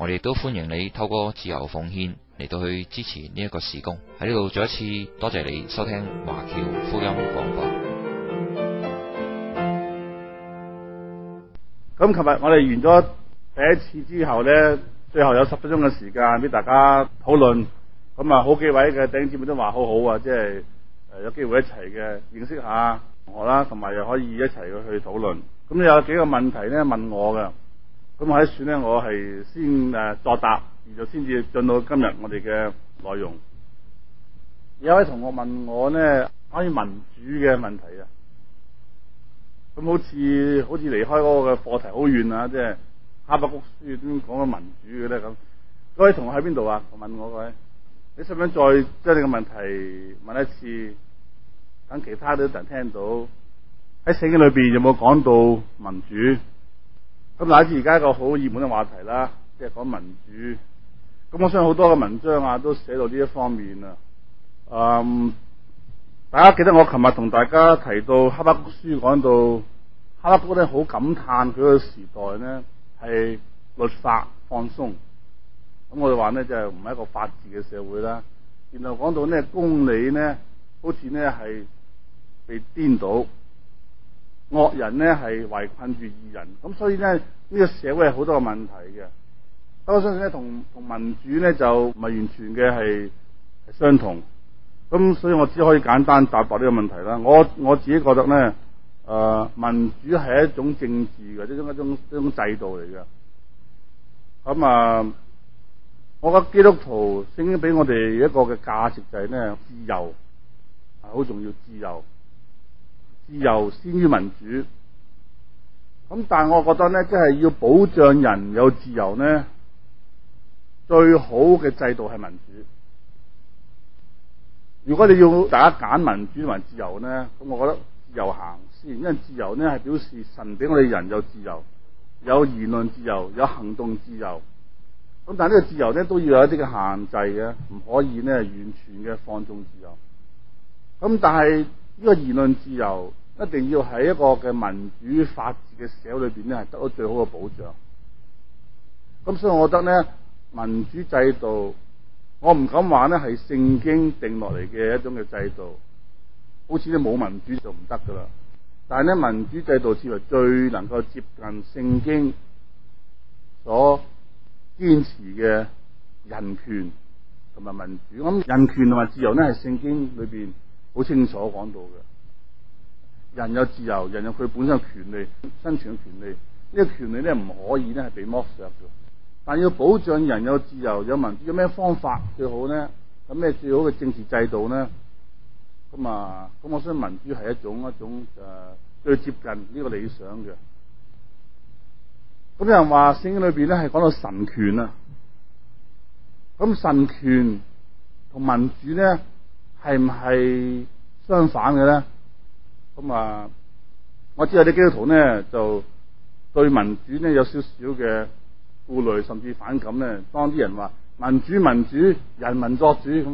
我哋都歡迎你透過自由奉獻嚟到去支持呢一個事工。喺呢度再一次多謝你收聽華僑福音廣播。咁，琴日我哋完咗第一次之後呢，最後有十分鐘嘅時間俾大家討論。咁啊，好幾位嘅弟兄姊妹都話好好啊，即係有機會一齊嘅認識下同學啦，同埋又可以一齊去去討論。咁有幾個問題呢，問我㗎。咁我喺算咧，我係先誒作答，然後先至進到今日我哋嘅內容。有位同學問我呢，關於民主嘅問題啊，咁好似好似離開嗰個嘅課題好遠啊，即係哈巴谷書點講緊民主嘅咧咁？嗰位同學喺邊度啊？問我佢，你想唔想再即將你嘅問題問一次？等其他啲人聽到喺聖經裏邊有冇講到民主？咁乃至而家一個好熱門嘅話題啦，即係講民主。咁我相信好多嘅文章啊，都寫到呢一方面啊。嗯，大家記得我琴日同大家提到哈巴谷書講到，哈巴谷呢好感嘆佢個時代呢係律法放鬆，咁我哋話呢就係唔係一個法治嘅社會啦。然後講到呢公理呢，好似呢係被顛倒。惡人呢係圍困住義人，咁所以呢，呢、這個社會好多嘅問題嘅。不過我相信呢，同同民主呢就唔係完全嘅係相同。咁所以我只可以簡單答白呢個問題啦。我我自己覺得呢，誒、呃，民主係一種政治嘅，呢種一種一種，一種制度嚟嘅。咁、嗯、啊，我覺得基督徒聖經俾我哋一個嘅價值就係呢：自由，係好重要，自由。自由先於民主，咁但係我覺得呢，即係要保障人有自由呢，最好嘅制度係民主。如果你要大家揀民主同埋自由呢，咁我覺得自由行先，因為自由呢係表示神俾我哋人有自由，有言論自由，有行動自由。咁但係呢個自由呢，都要有一啲嘅限制嘅，唔可以呢完全嘅放縱自由。咁但係呢個言論自由，一定要喺一個嘅民主法治嘅社會裏邊咧，係得到最好嘅保障。咁所以我覺得咧，民主制度，我唔敢話咧係聖經定落嚟嘅一種嘅制度，好似咧冇民主就唔得噶啦。但係咧民主制度至為最能夠接近聖經所堅持嘅人權同埋民主。咁人權同埋自由咧係聖經裏邊好清楚講到嘅。人有自由，人有佢本身嘅權利，生存嘅權利。呢、這個權利咧唔可以咧係被剝削嘅，但要保障人有自由有民主，有咩方法最好咧？有咩最好嘅政治制度咧？咁啊，咁我相信民主係一種一種誒、呃、最接近呢個理想嘅。咁有人話聖經裏邊咧係講到神權啊，咁神權同民主咧係唔係相反嘅咧？咁啊、嗯！我知有啲基督徒咧，就對民主咧有少少嘅顧慮甚至反感咧。當啲人話民主、民主、人民作主咁，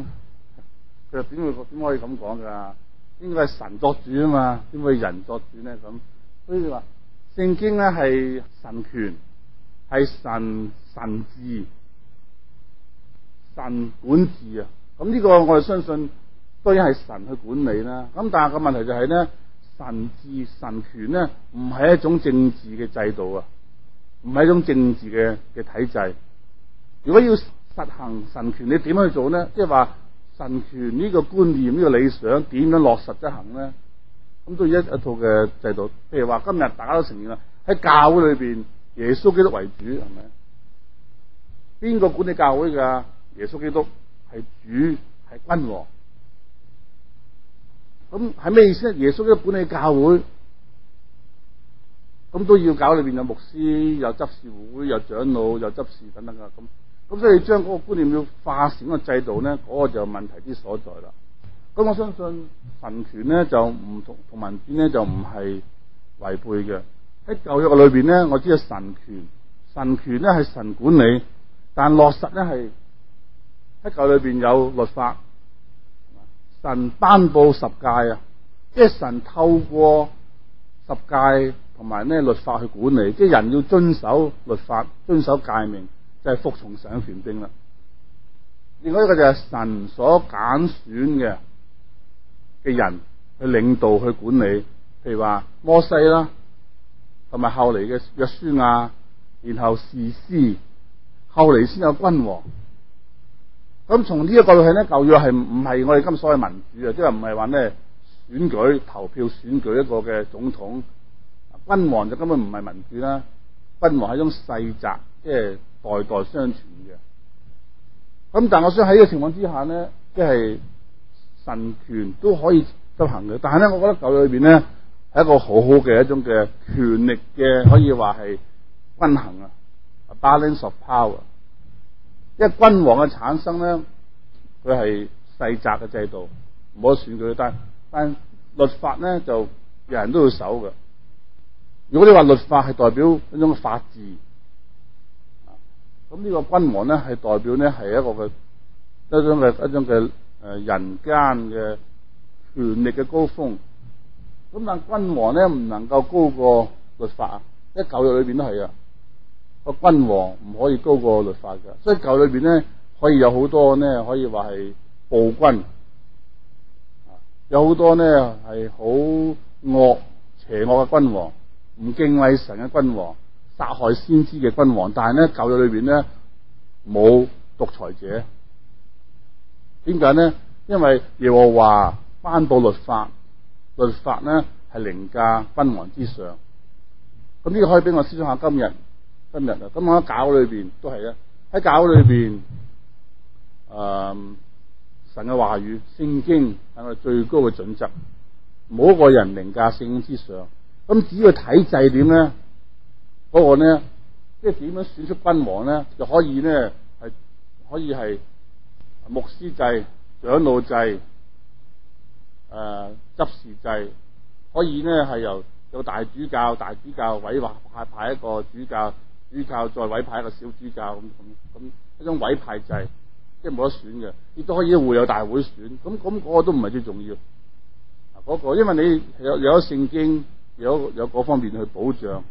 佢又點會點可以咁講㗎？應該係神作主啊嘛，點會人作主咧？咁所以話聖經咧係神權，係神神治、神管治啊。咁、嗯、呢、這個我係相信當然係神去管理啦。咁但係個問題就係咧。神治神權咧，唔係一種政治嘅制度啊，唔係一種政治嘅嘅體制。如果要實行神權，你點樣去做咧？即係話神權呢個觀念，呢個理想，點樣落實執行咧？咁都要一一套嘅制度。譬如話今日大家都承認啦，喺教會裏邊，耶穌基督為主係咪？邊個管理教會噶？耶穌基督係主，係君王。咁係咩意思咧？耶穌嘅管理教會，咁都要搞裏邊有牧師，有執事會，有長老，有執事等等噶。咁咁所以將個觀念要化成個制度咧，個就問題之所在啦。咁我相信神權咧就唔同同民主咧就唔係違背嘅。喺舊約裏邊咧，我知係神權，神權咧係神管理，但落實咧係喺舊裏邊有律法。神頒布十誡啊，即係神透過十誡同埋呢律法，去管理，即係人要遵守律法，遵守誡命，就係、是、服從神嘅權柄啦。另外一個就係神所揀選嘅嘅人去領導去管理，譬如話摩西啦，同埋後嚟嘅約書亞，然後士師，後嚟先有君王。咁從呢個角度嚟睇咧，舊約係唔係我哋今所謂民主啊？即係唔係話咩選舉投票選舉一個嘅總統君王，就根本唔係民主啦。君王係一種世襲，即係代代相傳嘅。咁但係我想喺呢個情況之下呢，即係神權都可以執行嘅。但係咧，我覺得舊約裏邊呢，係一個好好嘅一種嘅權力嘅可以話係均衡啊，balance of power。因為君王嘅產生咧，佢係世襲嘅制度，唔好選舉，但但律法咧就人人都要守嘅。如果你話律法係代表一種嘅法治，咁呢個君王咧係代表咧係一個嘅一種嘅一種嘅誒人間嘅權力嘅高峰。咁但君王咧唔能夠高過律法啊！喺舊約裏邊都係啊。個君王唔可以高過律法嘅，所以舊裏邊咧可以有好多咧，可以話係暴君，有好多呢，係好惡邪惡嘅君王，唔敬畏神嘅君王，殺害先知嘅君王。但係咧舊裏邊咧冇獨裁者，點解呢？因為耶和華頒布律法，律法呢係凌駕君王之上。咁呢個可以俾我思想下今日。今日啊，咁我喺教裏邊都係啊，喺教裏邊，誒、呃、神嘅話語聖經係我最高嘅準則，冇一個人凌駕聖經之上。咁只要體制點咧，嗰個咧，即係點樣選出君王咧，就可以咧係可以係牧師制、長老制、誒執事制，可以咧係、呃、由有大主教、大主教委派派一個主教。主教再委派一個小主教，咁咁咁一種委派制，即係冇得選嘅，亦都可以會有大會選，咁咁嗰個都唔係最重要。嗰、嗰個因為你有有聖經有有嗰方面去保障，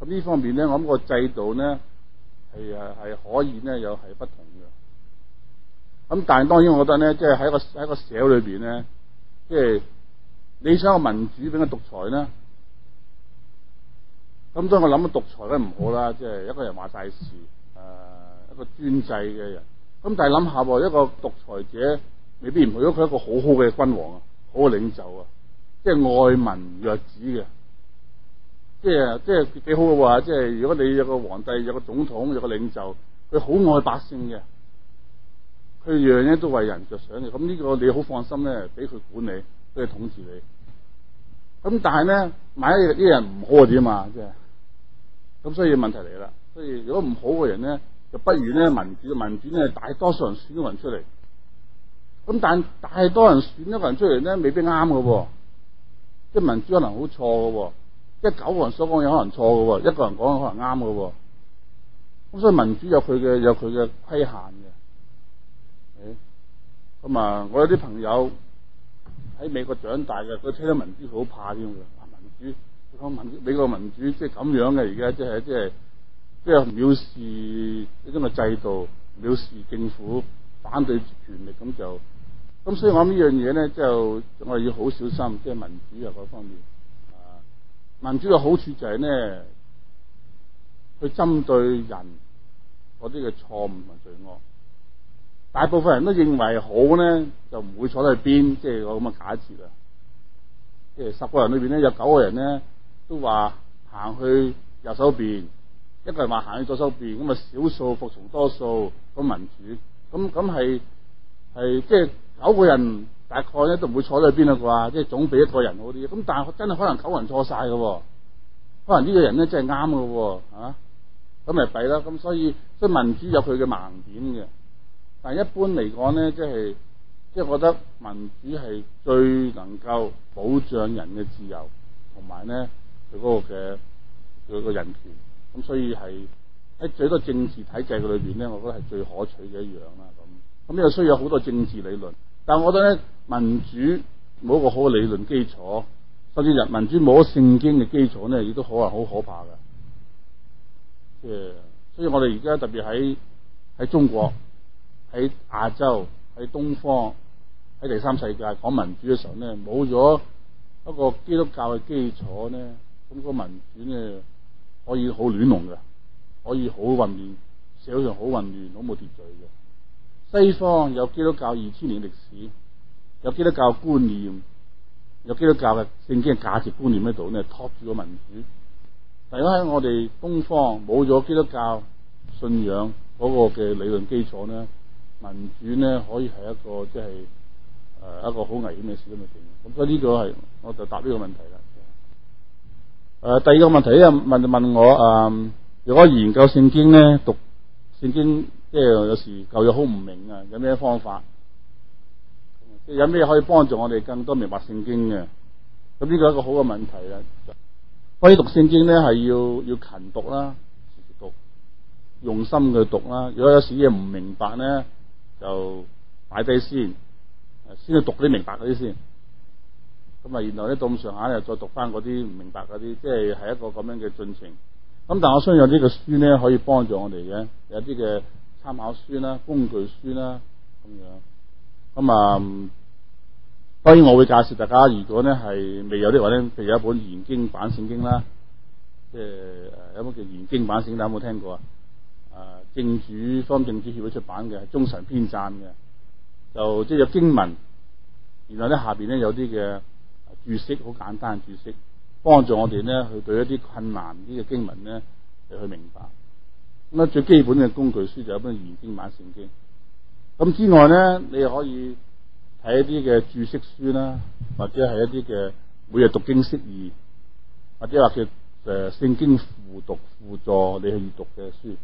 咁呢方面咧，我諗個制度咧係係係可以咧，又係不同嘅。咁但係當然我覺得咧，即係喺個喺個社會裏邊咧，即係你想個民主定個獨裁咧？咁所以我諗到獨裁咧唔好啦，即係一個人話曬事，誒、呃、一個專制嘅人。咁但係諗下喎，一個獨裁者未必唔好，如果佢一個好好嘅君王啊，好嘅領袖啊，即係愛民若子嘅，即係即係幾好嘅話，即係如果你有個皇帝、有個總統、有個領袖，佢好愛百姓嘅，佢樣樣都為人着想嘅。咁呢個你好放心咧，俾佢管理，俾佢統治你。咁但係咧，買啲人唔好又點嘛？即係咁，所以問題嚟啦。所以如果唔好嘅人咧，就不如咧民主嘅。民主咧，大多數人選咗人出嚟。咁但係大多人選咗個人出嚟咧，未必啱嘅喎。即係民主可能好錯嘅喎，啊，即係九個人所講有可能錯嘅喎，啊，一個人講可能啱嘅喎。咁所以民主有佢嘅有佢嘅規限嘅。誒，咁啊，我有啲朋友。喺美國長大嘅，佢聽到民主好怕啲嘅，民主，佢民，民美國民主即係咁樣嘅，而家即係即係即係藐視呢個制度，藐視政府，反對權力，咁就咁所以我諗呢樣嘢咧，就我哋要好小心，即係民主啊嗰方面。啊，民主嘅好處就係呢，佢針對人嗰啲嘅錯誤同罪惡。大部分人都認為好咧，就唔會坐喺邊，即係個咁嘅假設啊。即係十個人裏邊咧，有九個人咧都話行去右手邊，一個人話行去左手邊，咁啊少數服從多數，咁民主咁咁係係即係九個人大概咧都唔會坐喺邊啦啩，即係總比一個人好啲。咁但係真係可能九人錯晒嘅，可能呢個人咧真係啱㗎吓，咁咪弊啦。咁所以，所以民主有佢嘅盲點嘅。但係一般嚟講咧，即係即我覺得民主係最能夠保障人嘅自由，同埋咧佢嗰個嘅佢個人權。咁所以係喺最多政治體制嘅裏邊咧，我覺得係最可取嘅一樣啦。咁咁又需要好多政治理論，但係我覺得咧，民主冇一個好嘅理論基礎，甚至人民主冇咗聖經嘅基礎咧，亦都可能好可怕嘅。即係，所以我哋而家特別喺喺中國。喺亞洲、喺東方、喺第三世界講民主嘅時候咧，冇咗一個基督教嘅基礎咧，咁、那個民主咧可以好亂籠嘅，可以好混亂，社會上好混亂，好冇秩序嘅。西方有基督教二千年歷史，有基督教觀念，有基督教嘅聖經嘅價值觀念喺度咧，托住個民主。但如果喺我哋東方冇咗基督教信仰嗰個嘅理論基礎咧，民主咧可以係一個即係誒、呃、一個好危險嘅事都未定咁所以呢個係我就答呢個問題啦。誒、呃，第二個問題咧問問我誒、呃，如果研究聖經咧讀聖經，聖經即係有時舊約好唔明啊，有咩方法？即有咩可以幫助我哋更多明白聖經嘅？咁呢、這個係一個好嘅問題啦。我哋讀聖經咧係要要勤讀啦，讀用心去讀啦。如果有時嘢唔明白咧，就買低先，誒，先去讀啲明白嗰啲先，咁啊，然後咧到咁上下咧，再讀翻嗰啲唔明白嗰啲，即係係一個咁樣嘅進程。咁但我相信有呢個書咧，可以幫助我哋嘅有啲嘅參考書啦、工具書啦咁樣。咁啊，當然我會介紹大家，如果咧係未有啲話咧，譬如有一本《易經版聖經》啦，即係誒有一本叫《易經版聖經》，有冇聽過啊？正主方正主協會出版嘅係中神編撰嘅，就即係、就是、有經文，然後咧下邊咧有啲嘅注釋，好簡單嘅注釋，幫助我哋咧去對一啲困難啲嘅經文咧你去明白。咁咧最基本嘅工具書就一、是、本《研經版聖經》。咁之外咧，你又可以睇一啲嘅注釋書啦，或者係一啲嘅每日讀經釋義，或者話叫誒、呃、聖經輔讀輔助，你去閱讀嘅書。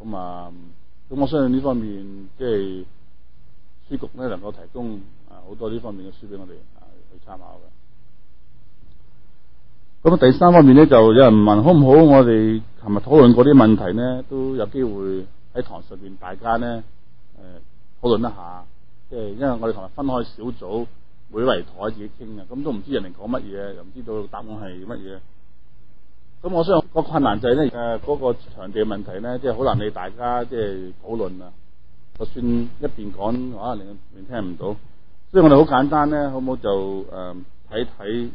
咁、嗯嗯、啊，咁我相信呢方面即係書局咧，能夠提供啊好多呢方面嘅書俾我哋啊去參考嘅。咁第三方面咧，就有人問好唔好？我哋琴日討論過啲問題咧，都有機會喺堂上邊大家咧誒、呃、討論一下。即係因為我哋同埋分開小組，每圍台自己傾啊，咁都唔知人哋講乜嘢，又唔知道答案係乜嘢。咁我相信、嗰個困難就係咧，嗰、嗰個場地嘅問題咧，即係好難你大家即係討論啊。就算一邊講，可能連，連聽唔到。所以我哋好簡單咧，好唔好就誒睇睇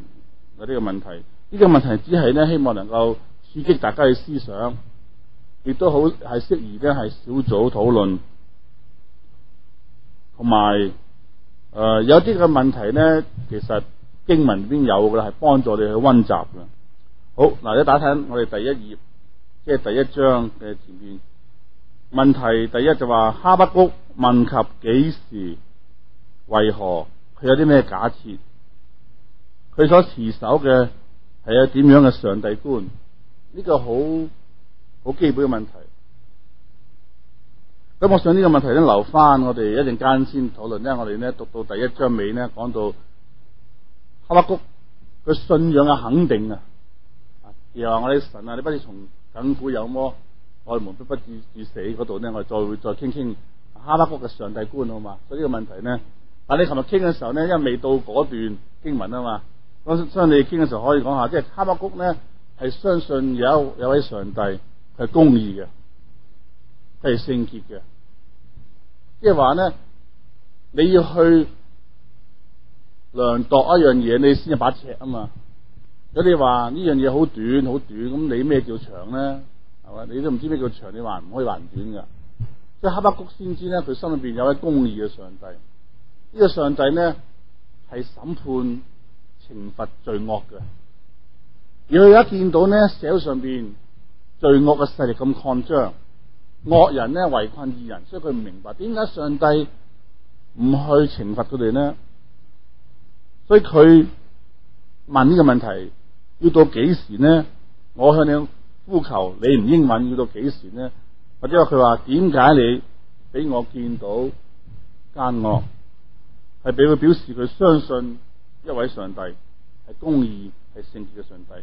嗰啲嘅問題。呢個問題只係咧，希望能夠刺激大家嘅思想，亦都好係適宜嘅係小組討論，同埋誒有啲嘅、呃、問題咧，其實經文邊有嘅啦，係幫助你去温習㗎。好嗱，你打睇我哋第一頁，即係第一章嘅前面問題。第一就話哈巴谷問及幾時，為何佢有啲咩假設？佢所持守嘅係有點樣嘅上帝觀？呢個好好基本嘅問題。咁我想呢個問題咧留翻我哋一陣間先討論，因為我哋呢讀到第一章尾呢，講到哈巴谷佢信仰嘅肯定啊。又話我啲神啊，你不如從亙古有魔，愛門都不至至死嗰度咧，我哋再會再傾傾哈巴谷嘅上帝觀好嘛？所以呢個問題咧，但你琴日傾嘅時候咧，因為未到嗰段經文啊嘛，我相信你傾嘅時候可以講下，即係哈巴谷咧係相信有有位上帝係公義嘅，係聖潔嘅，即係話咧你要去量度一樣嘢，你先有把尺啊嘛。如果你話呢樣嘢好短，好短，咁你咩叫長咧？係嘛？你都唔知咩叫長，你話唔可以話人短噶所以哈巴谷先知咧，佢心入邊有一位公義嘅上帝。呢個上帝咧，係審判、懲罰罪惡嘅。而佢而家見到咧社會上邊罪惡嘅勢力咁擴張，惡人咧圍困義人，所以佢唔明白點解上帝唔去懲罰佢哋呢。所以佢問呢個問題。要到幾時呢？我向你呼求，你唔英文要到幾時呢？或者佢話，點解你俾我見到奸惡？係俾佢表示佢相信一位上帝係公義、係聖潔嘅上帝。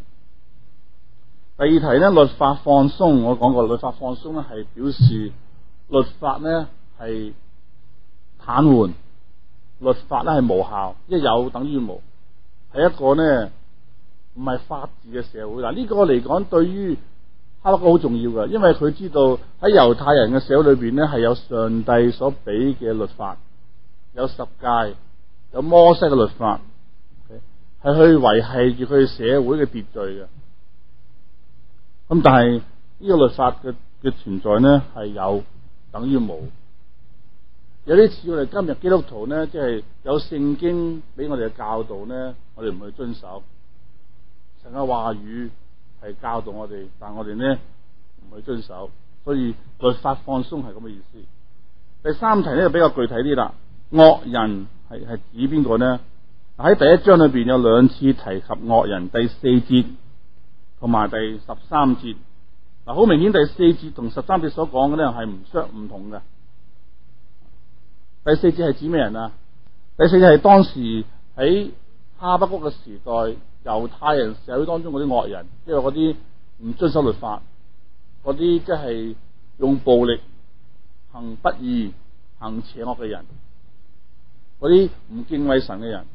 第二題呢，律法放鬆，我講過律法放鬆咧係表示律法呢係癱瘓，律法咧係無效，一有等於無，係一個呢。唔係法治嘅社會嗱，呢、這個嚟講，對於哈巴谷好重要噶因為佢知道喺猶太人嘅社會裏邊咧，係有上帝所俾嘅律法，有十戒，有摩西嘅律法，係、okay? 去維繫住佢社會嘅秩序嘅。咁但係呢個律法嘅嘅存在咧，係有等於冇。有啲似我哋今日基督徒咧，即、就、係、是、有聖經俾我哋嘅教導咧，我哋唔去遵守。神嘅話語係教導我哋，但我哋呢唔去遵守，所以律法放鬆係咁嘅意思。第三題呢就比較具體啲啦，惡人係係指邊個呢？喺第一章裏邊有兩次提及惡人，第四節同埋第十三節。嗱、啊，好明顯第四節同十三節所講嘅呢係唔相唔同嘅。第四節係指咩人啊？第四節係當時喺哈巴谷嘅時代，猶太人社會當中嗰啲惡人，即係嗰啲唔遵守律法，嗰啲即係用暴力、行不義、行邪惡嘅人，嗰啲唔敬畏神嘅人，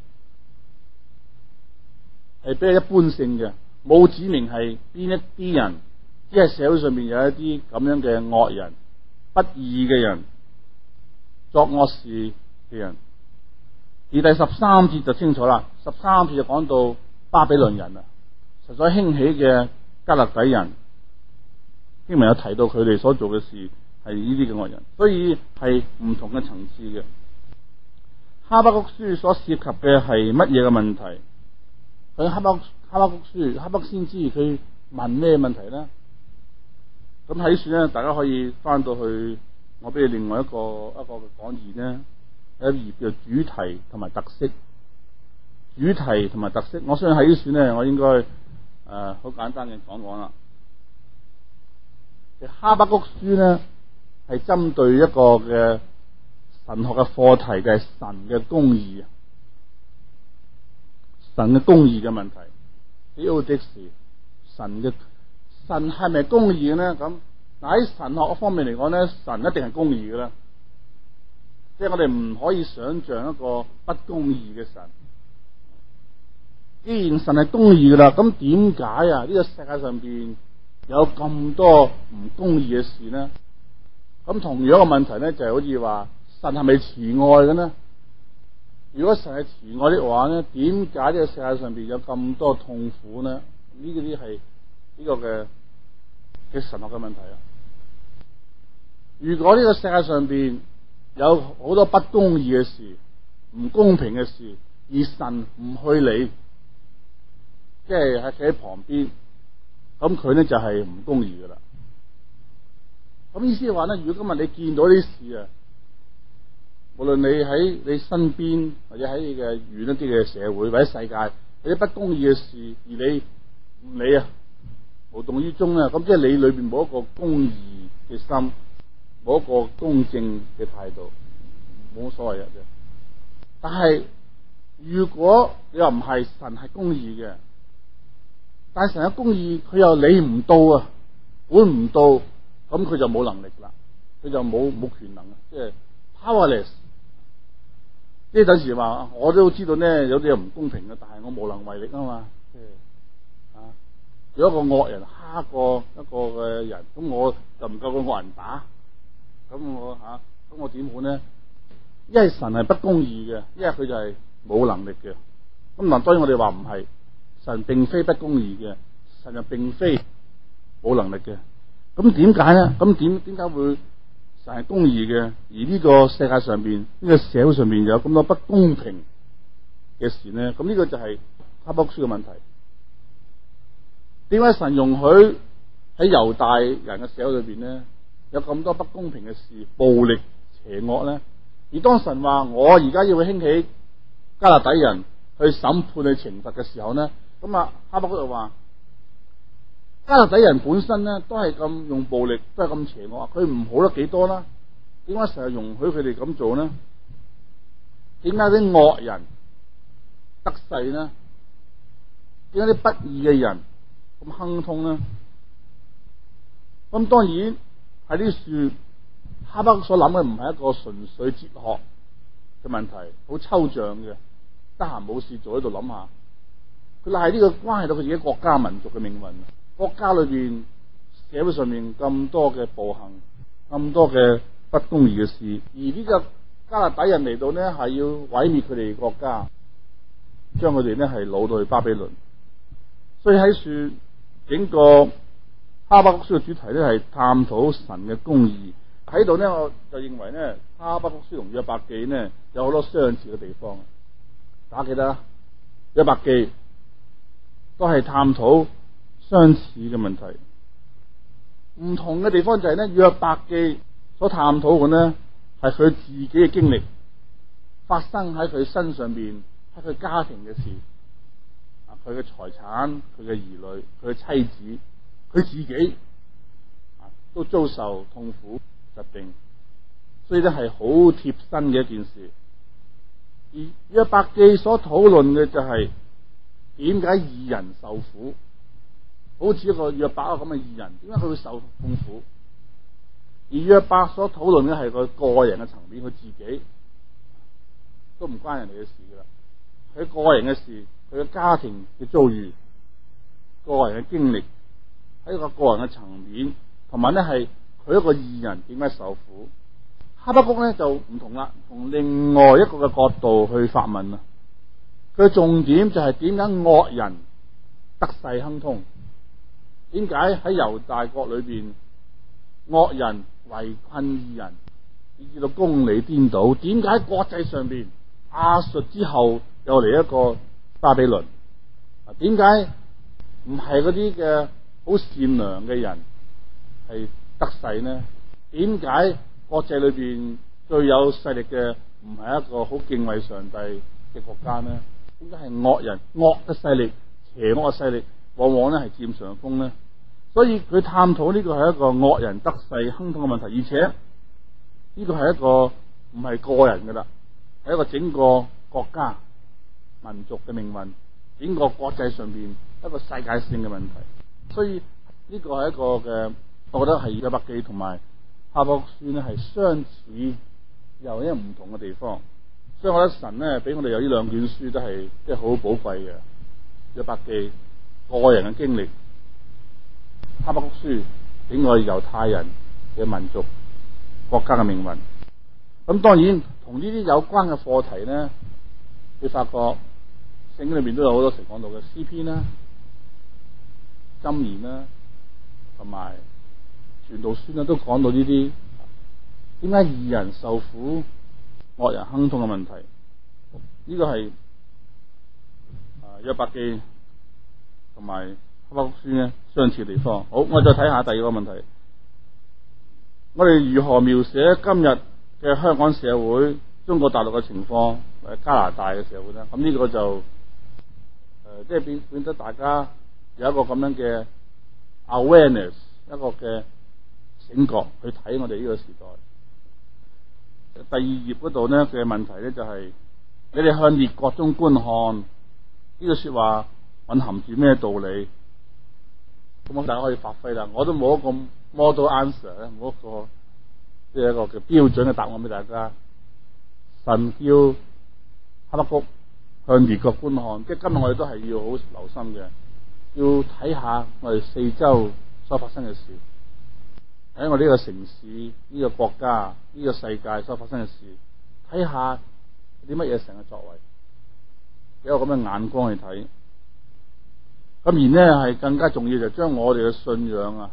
係比較一般性嘅，冇指明係邊一啲人，只係社會上面有一啲咁樣嘅惡人、不義嘅人、作惡事嘅人。而第十三節就清楚啦，十三節就講到。巴比倫人啊，實在興起嘅加勒底人經文有提到佢哋所做嘅事係呢啲咁嘅人，所以係唔同嘅層次嘅。哈巴谷書所涉及嘅係乜嘢嘅問題？喺哈巴哈巴谷書、哈巴先知佢問咩問題咧？咁喺度咧，大家可以翻到去，我俾你另外一個一個講義咧，一頁嘅主題同埋特色。主題同埋特色，我相信喺呢選呢，我應該誒好、呃、簡單嘅講講啦。其實《哈巴谷書》呢係針對一個嘅神學嘅課題嘅、就是、神嘅公義，神嘅公義嘅問題。主要的神是神嘅神係咪公義嘅呢？咁嗱喺神學方面嚟講呢神一定係公義嘅啦，即、就、係、是、我哋唔可以想象一個不公義嘅神。既然神係公義噶啦，咁點解啊？呢個世界上邊有咁多唔公義嘅事呢？咁同樣嘅問題咧、就是，就係好似話神係咪慈愛嘅呢？如果神係慈愛的話咧，點解呢個世界上邊有咁多痛苦呢？呢啲係呢個嘅嘅神學嘅問題啊！如果呢個世界上邊有好多不公義嘅事，唔公平嘅事，而神唔去理。即係喺企喺旁邊，咁佢咧就係、是、唔公義噶啦。咁意思係話咧，如果今日你見到啲事啊，無論你喺你身邊或者喺你嘅遠一啲嘅社會或者世界，有啲不公義嘅事而你唔理啊，無動於衷啊，咁即係你裏邊冇一個公義嘅心，冇一個公正嘅態度，冇所謂嘅。但係如果你又唔係神係公義嘅。但神嘅公義佢又理唔到啊，管唔到，咁佢就冇能力啦，佢就冇冇權能啊，即係 powerless。即係陣時話我都知道呢，有啲嘢唔公平嘅，但係我無能為力啊嘛。即係的啊，如果一個惡人蝦過一個嘅人，咁我就唔夠個惡人打，咁我吓，咁、啊、我點管咧？一係神係不公義嘅，一係佢就係冇能力嘅。咁但當然我哋話唔係。神並非不公義嘅，神又並非冇能力嘅。咁點解咧？咁點點解會神係公義嘅？而呢個世界上邊呢、這個社會上邊有咁多不公平嘅事呢？咁呢個就係哈巴谷書嘅問題。點解神容許喺猶大人嘅社會裏邊呢，有咁多不公平嘅事、暴力、邪惡呢？而當神話我而家要興起迦勒底人去審判、去懲罰嘅時候呢。咁啊，哈巴谷嗰度話，迦勒底人本身咧都係咁用暴力，都係咁邪惡，佢唔好得幾多啦。點解成日容許佢哋咁做呢？點解啲惡人得勢呢？點解啲不義嘅人咁亨通呢？咁當然喺啲事，哈巴谷所諗嘅唔係一個純粹哲學嘅問題，好抽象嘅，得閒冇事做喺度諗下。佢係呢個關係到佢自己國家民族嘅命運，國家裏邊社會上面咁多嘅暴行，咁多嘅不公義嘅事，而呢個加勒底人嚟到呢，係要毀滅佢哋國家，將佢哋呢係擄到去巴比倫。所以喺說整個哈巴谷書嘅主題呢，係探討神嘅公義，喺度呢，我就認為呢，哈巴谷書同約伯記呢，有好多相似嘅地方。打幾多啊？約伯記。都係探討相似嘅問題，唔同嘅地方就係咧，約伯記所探討嘅呢，係佢自己嘅經歷，發生喺佢身上邊，喺佢家庭嘅事，啊佢嘅財產、佢嘅兒女、佢嘅妻子、佢自己，啊都遭受痛苦疾病，所以咧係好貼身嘅一件事。而約伯記所討論嘅就係、是。點解義人受苦？好似一個約伯咁嘅義人，點解佢會受痛苦？而約伯所討論嘅係佢個人嘅層面，佢自己都唔關人哋嘅事噶啦。佢個人嘅事，佢嘅家庭嘅遭遇，個人嘅經歷，喺一個個人嘅層面，同埋咧係佢一個義人點解受苦？哈巴谷咧就唔同啦，從另外一個嘅角度去發問啊。佢重點就係點解惡人得勢亨通？點解喺猶大國裏邊惡人圍困義人，以至到公理顛倒？點解國際上邊亞述之後又嚟一個巴比倫？啊，點解唔係嗰啲嘅好善良嘅人係得勢呢？點解國際裏邊最有勢力嘅唔係一個好敬畏上帝嘅國家呢？點解係惡人、惡嘅勢力、邪惡嘅勢力，往往咧係佔上風咧。所以佢探討呢個係一個惡人得勢亨通嘅問題，而且呢個係一個唔係個人嘅啦，係一個整個國家民族嘅命運，整個國際上邊一個世界性嘅問題，所以呢個係一個嘅，我覺得係約伯記同埋哈巴谷算係相似又一個唔同嘅地方。所以我覺得神咧俾我哋有呢兩卷書都係即係好寶貴嘅，《約伯記》個人嘅經歷，哈巴谷書俾我哋猶太人嘅民族國家嘅命運。咁當然同呢啲有關嘅課題咧，你發覺聖經裏面都有好多成講到嘅詩篇啦、箴言啦，同埋傳道書啦都講到呢啲。點解義人受苦？惡人亨通嘅問題，呢、這個係啊約伯記同埋哈巴谷書嘅相似嘅地方。好，我再睇下第二個問題。我哋如何描寫今日嘅香港社會、中國大陸嘅情況或者加拿大嘅社會咧？咁呢個就誒、呃，即係變變得大家有一個咁樣嘅 awareness，一個嘅醒覺去睇我哋呢個時代。第二頁度咧嘅問題咧就係、是、你哋向列國中觀看呢句、這個、說話蘊含住咩道理？咁我大家可以發揮啦，我都冇一個 model answer 咧，冇一個即係一個叫標準嘅答案俾大家。神叫哈巴谷向列國觀看，即係今日我哋都係要好留心嘅，要睇下我哋四周所發生嘅事。喺我呢個城市，呢個國家，呢個世界所發生嘅事，睇下啲乜嘢成日作為，有咁樣眼光去睇。咁然呢係更加重要，就將我哋嘅信仰啊，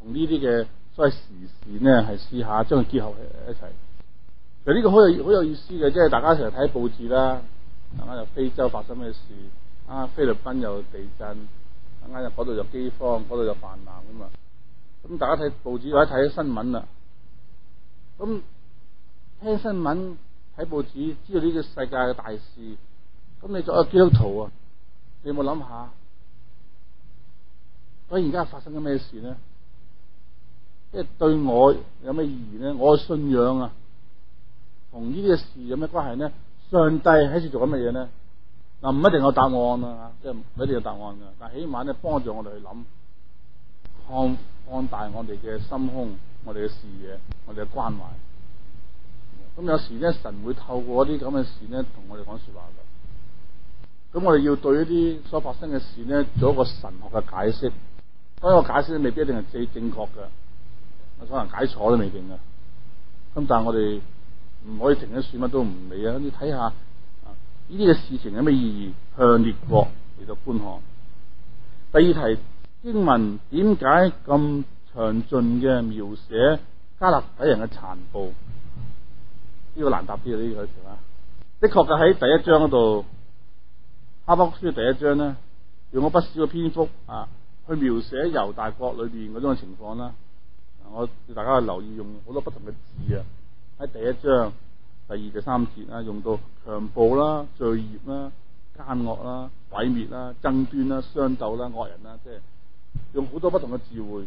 同呢啲嘅所謂時事呢，係試下將佢結合起一齊。其實呢個好有好有意思嘅，即係大家成日睇報紙啦，啱啱就非洲發生咩事，啊菲律賓又地震，啱啱就嗰度又饑荒，嗰度又氾濫咁啊！剛剛咁大家睇報紙或者睇新聞啦，咁聽新聞、睇報紙，知道呢個世界嘅大事。咁你作基督徒啊，你有冇諗下？喺而家發生緊咩事呢？即係對我有咩意義呢？我嘅信仰啊，同呢啲事有咩關係呢？上帝喺處做緊乜嘢呢？嗱，唔一定有答案啦，即係唔一定有答案噶。但起碼咧，幫助我哋去諗，放大我哋嘅心胸，我哋嘅視野，我哋嘅關懷。咁有時咧，神會透過啲咁嘅事咧，同我哋講說話嘅。咁我哋要對一啲所發生嘅事咧，做一個神學嘅解釋。所以我解釋未必一定係最正確嘅，我可能解錯都未定啊。咁但係我哋唔可以停一算乜都唔理看看啊！你睇下啊，呢啲嘅事情有咩意義？向列國嚟，到觀看。第二題。英文點解咁詳盡嘅描寫加勒底人嘅殘暴？呢、這個難答啲啊！呢、這個詞啊，的確嘅，喺第一章度《哈巴谷書》第一章咧，用咗不少嘅篇幅啊，去描寫猶大國裏邊種嘅情況啦。我叫大家去留意，用好多不同嘅字啊，喺第一章、第二第三節啦，用到強暴啦、罪孽啦、奸惡啦、毀滅啦、爭端啦、相鬥啦、惡人啦，即係。用好多不同嘅字彙，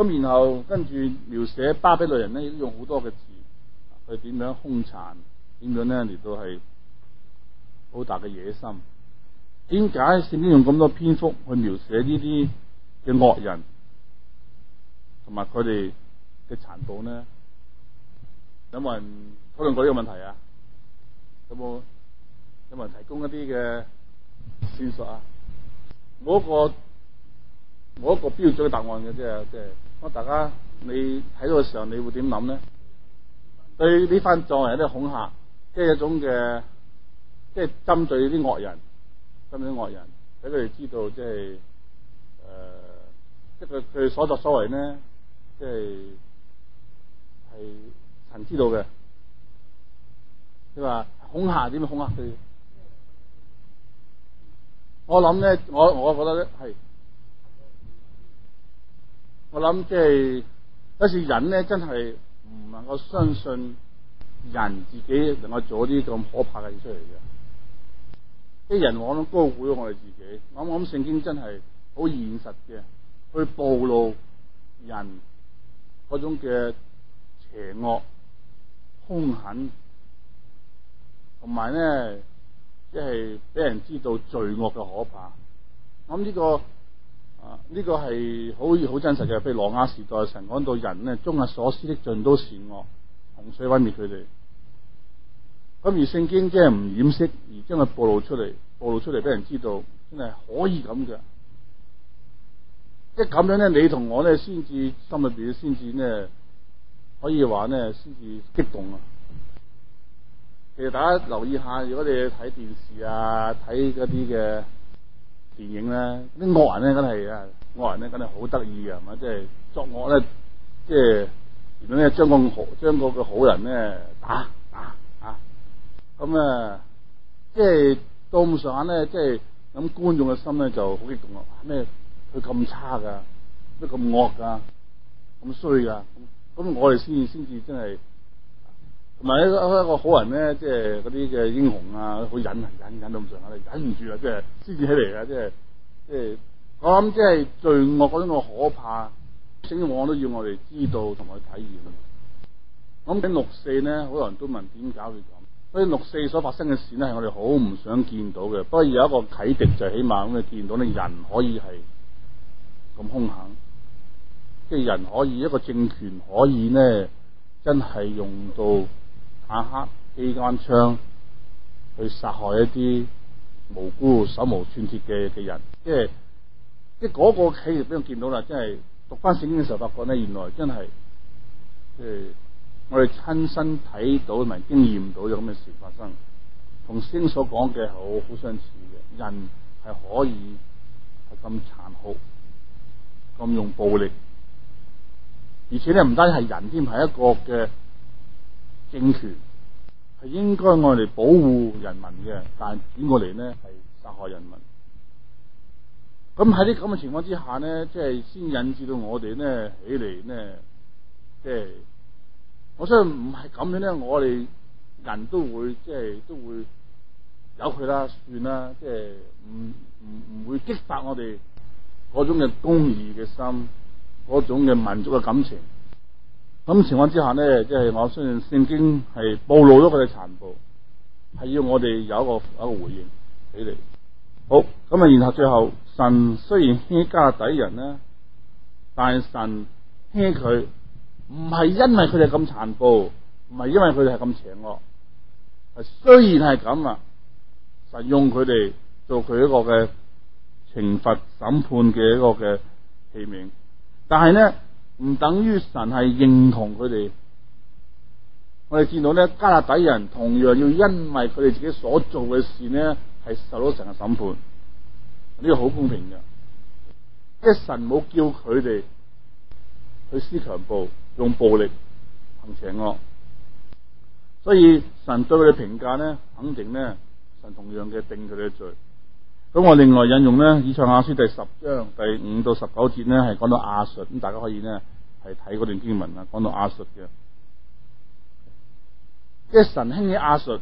咁然後跟住描寫巴比倫人呢，亦都用好多嘅字，佢點樣凶殘，點樣呢？嚟到係好大嘅野心。點解甚至用咁多篇幅去描寫呢啲嘅惡人，同埋佢哋嘅殘暴呢？有冇人討論過呢個問題啊？有冇，有冇人提供一啲嘅線索啊？我、嗰個。我冇一個標準嘅答案嘅，啫，係即係，我大家你睇到嘅時候，你會點諗咧？對呢番作為有啲恐嚇，即係一種嘅，即係針對啲惡人，針對啲惡人，俾佢哋知道，即係誒，即係佢佢所作所為咧，即係係神知道嘅。你話恐嚇點樣恐嚇佢？我諗咧，我我覺得咧係。我諗即係有時人咧，真係唔能夠相信人自己能夠做啲咁可怕嘅嘢出嚟嘅。啲人往往高估咗我哋自己。我諗我諗聖經真係好現實嘅，去暴露人嗰種嘅邪惡、兇狠，同埋咧即係俾人知道罪惡嘅可怕。我諗呢、呢個。啊！呢、這個係好好真實嘅，譬如挪亞時代神講到人咧，終日所思的盡都善惡，洪水毀滅佢哋。咁而聖經即係唔掩飾，而將佢暴露出嚟，暴露出嚟俾人知道，真係可以咁嘅。即係咁樣咧，你同我咧先至心裏邊先至咧可以話呢，先至激動啊！其實大家留意下，如果你去睇電視啊，睇嗰啲嘅。電影咧，啲惡人咧，梗係、就是、啊，惡人咧，梗係好得意嘅，係嘛？即係作惡咧，即係如果咧將個好將個好人咧打打啊，咁啊，即係到咁上下咧，即係咁觀眾嘅心咧就好激動啊，咩佢咁差㗎，咩咁惡㗎，咁衰㗎，咁我哋先至先至真係。同埋一一個好人咧，即係嗰啲嘅英雄啊，好忍啊忍忍到咁上下，忍唔住啊！即係獅子起嚟啊！即係即係，我諗即係罪惡嗰種嘅可怕，希望都要我哋知道同埋去體驗。咁喺六四咧，好多人都問點解會咁？所以六四所發生嘅事呢，係我哋好唔想見到嘅。不過有一個啟迪，就係、是、起碼咁，你見到你人可以係咁兇狠，即係人可以一個政權可以呢，真係用到。晚黑機關槍去殺害一啲無辜手無寸鐵嘅嘅人，即係即係，嗰個企業俾我見到啦。即係讀翻聖經嘅時候，發覺咧原來真係即係我哋親身睇到同埋經驗到有咁嘅事發生，同先所講嘅好好相似嘅。人係可以係咁殘酷，咁用暴力，而且咧唔單止係人添，係一個嘅。政權係應該愛嚟保護人民嘅，但係轉過嚟咧係殺害人民。咁喺啲咁嘅情況之下咧，即係先引致到我哋咧起嚟咧，即係我相信唔係咁樣咧，我哋人都會即係都會由佢啦，算啦，即係唔唔唔會激發我哋嗰種嘅公義嘅心，嗰種嘅民族嘅感情。咁情況之下呢，即係我相信聖經係暴露咗佢哋殘暴，係要我哋有一個一個回應俾你。好，咁啊，然後最後神雖然欺家底人呢，但係神欺佢唔係因為佢哋咁殘暴，唔係因為佢哋係咁邪惡，係雖然係咁啊，神用佢哋做佢一個嘅懲罰審判嘅一個嘅器皿，但係呢。唔等於神係認同佢哋，我哋見到咧，加勒底人同樣要因為佢哋自己所做嘅事咧，係受到神嘅審判，呢個好公平嘅，即係神冇叫佢哋去施強暴，用暴力行邪惡，所以神對佢哋嘅評價咧，肯定咧，神同樣嘅定佢哋嘅罪。咁我另外引用咧，以賽亞書第十章第五到十九節咧，係講到亞述，咁大家可以咧係睇嗰段經文啊，講到亞述嘅。即係神興起亞述，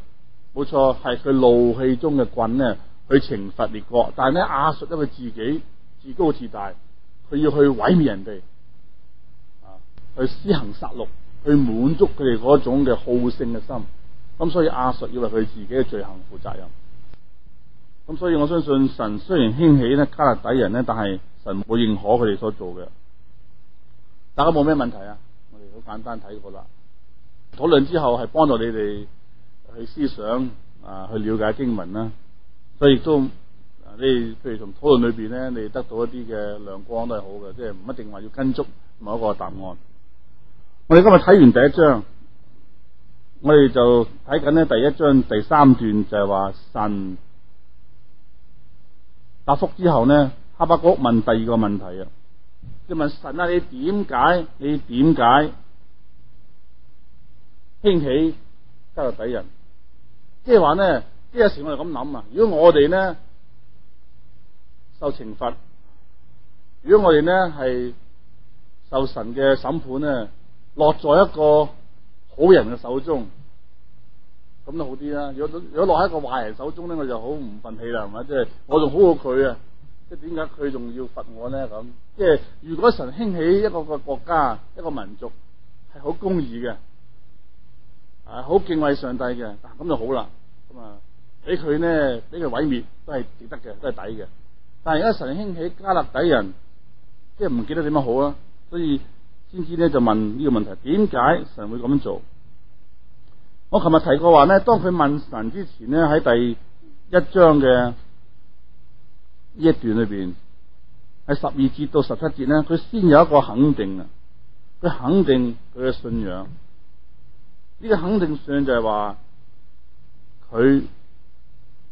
冇錯，係佢怒氣中嘅棍咧，去懲罰列國。但係咧，亞述因為自己自高自大，佢要去毀滅人哋，啊，去施行殺戮，去滿足佢哋嗰種嘅好勝嘅心。咁所以亞述要為佢自己嘅罪行負責任。咁所以我相信神雖然興起咧，迦勒底人咧，但係神冇認可佢哋所做嘅。大家冇咩問題啊？我哋好簡單睇過啦，討論之後係幫助你哋去思想啊，去了解經文啦。所以亦都你譬如從討論裏邊咧，你得到一啲嘅亮光都係好嘅，即係唔一定話要跟足某一個答案。我哋今日睇完第一章，我哋就睇緊呢第一章第三段就，就係話神。答覆之後咧，哈巴谷問第二個問題啊，就問神啊，你點解？你點解興起加勒底人？即係話咧，即係有時我哋咁諗啊，如果我哋咧受懲罰，如果我哋咧係受神嘅審判咧，落在一個好人嘅手中，咁就好啲啦、啊。如果如果落喺一個壞人手中咧，我就，氣，就是，我就好唔忿氣啦，係嘛？即係我仲好過佢啊！即係點解佢仲要罰我咧？咁即係如果神興起一個個國家，一個民族係好公義嘅，啊好敬畏上帝嘅，咁、啊、就好啦。咁啊，俾佢呢，俾佢毀滅都係值得嘅，都係抵嘅。但係而家神興起加勒底人，即係唔記得點樣好啊，所以先知咧就問呢個問題：點解神會咁樣做？我琴日提過話呢，當佢問神之前呢，喺第一章嘅一段裏邊，喺十二節到十七節呢，佢先有一個肯定啊，佢肯定佢嘅信仰。呢個肯定信就係話佢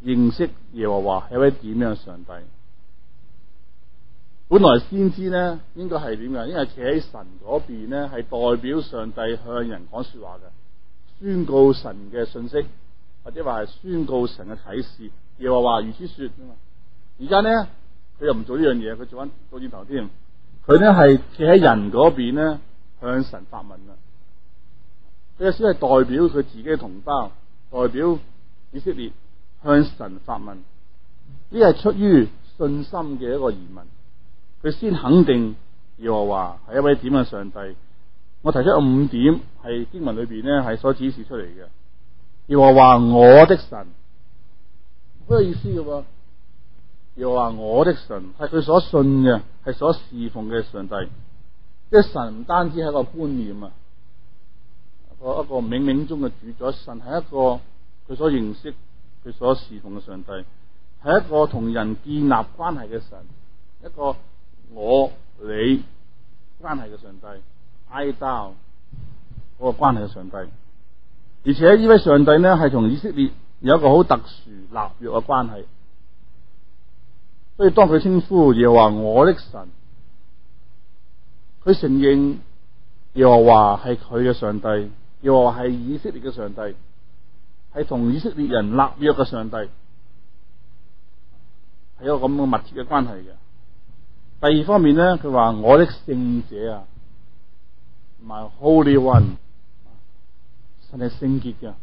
認識耶和華係位點樣嘅上帝。本來先知呢，應該係點嘅？因為係企喺神嗰邊呢，係代表上帝向人講說話嘅。宣告神嘅信息，或者話係宣告神嘅啟示，耶和華如此說啊嘛。而家咧，佢又唔做，做呢樣嘢，佢做翻倒轉頭添。佢咧係企喺人邊咧，向神發問啊，佢先係代表佢自己嘅同胞，代表以色列向神發問。呢係出於信心嘅一個疑問，佢先肯定耶和華係一位點嘅上帝。我提出五點係經文裏邊咧係所指示出嚟嘅。又話話我的神咩意思嘅喎，又話我的神係佢所信嘅，係所侍奉嘅上帝。即係神唔單止係一個觀念啊，一個冥冥中嘅主宰。神係一個佢所認識、佢所侍奉嘅上帝，係一個同人建立關係嘅神，一個我你關係嘅上帝。哀悼嗰個關係嘅上帝，而且呢位上帝呢，係同以色列有一個好特殊立約嘅關係，所以當佢稱呼又話我的神，佢承認又話係佢嘅上帝，又話係以色列嘅上帝，係同以色列人立約嘅上帝，係有一個咁嘅密切嘅關係嘅。第二方面呢，佢話我的聖者啊。同埋 Holy One，神係聖潔嘅。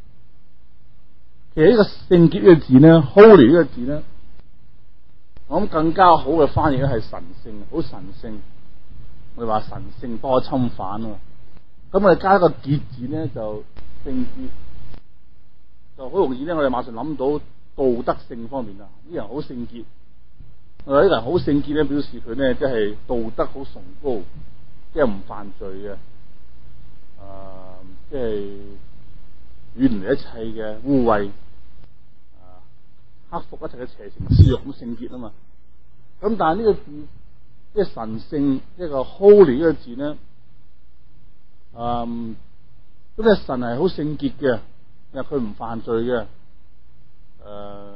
其實呢個聖潔嘅字呢 Holy 呢個字呢，我諗更加好嘅翻譯咧係神聖，好神聖。我哋話神聖不可侵犯啊！咁我哋加一個潔字呢，就聖潔就好容易呢，我哋馬上諗到道德性方面啊。呢人好聖潔，我哋呢人好聖潔呢，表示佢呢，即係道德好崇高，即係唔犯罪嘅。誒、呃，即係遠離一切嘅污穢，啊、呃、克服一切嘅邪情私欲咁聖潔啊嘛。咁但係、這、呢個即係、這個、神聖，一、這個 Holy 呢個字咧，誒、呃、咁、這、咧、個、神係好聖潔嘅，因為佢唔犯罪嘅，誒、呃，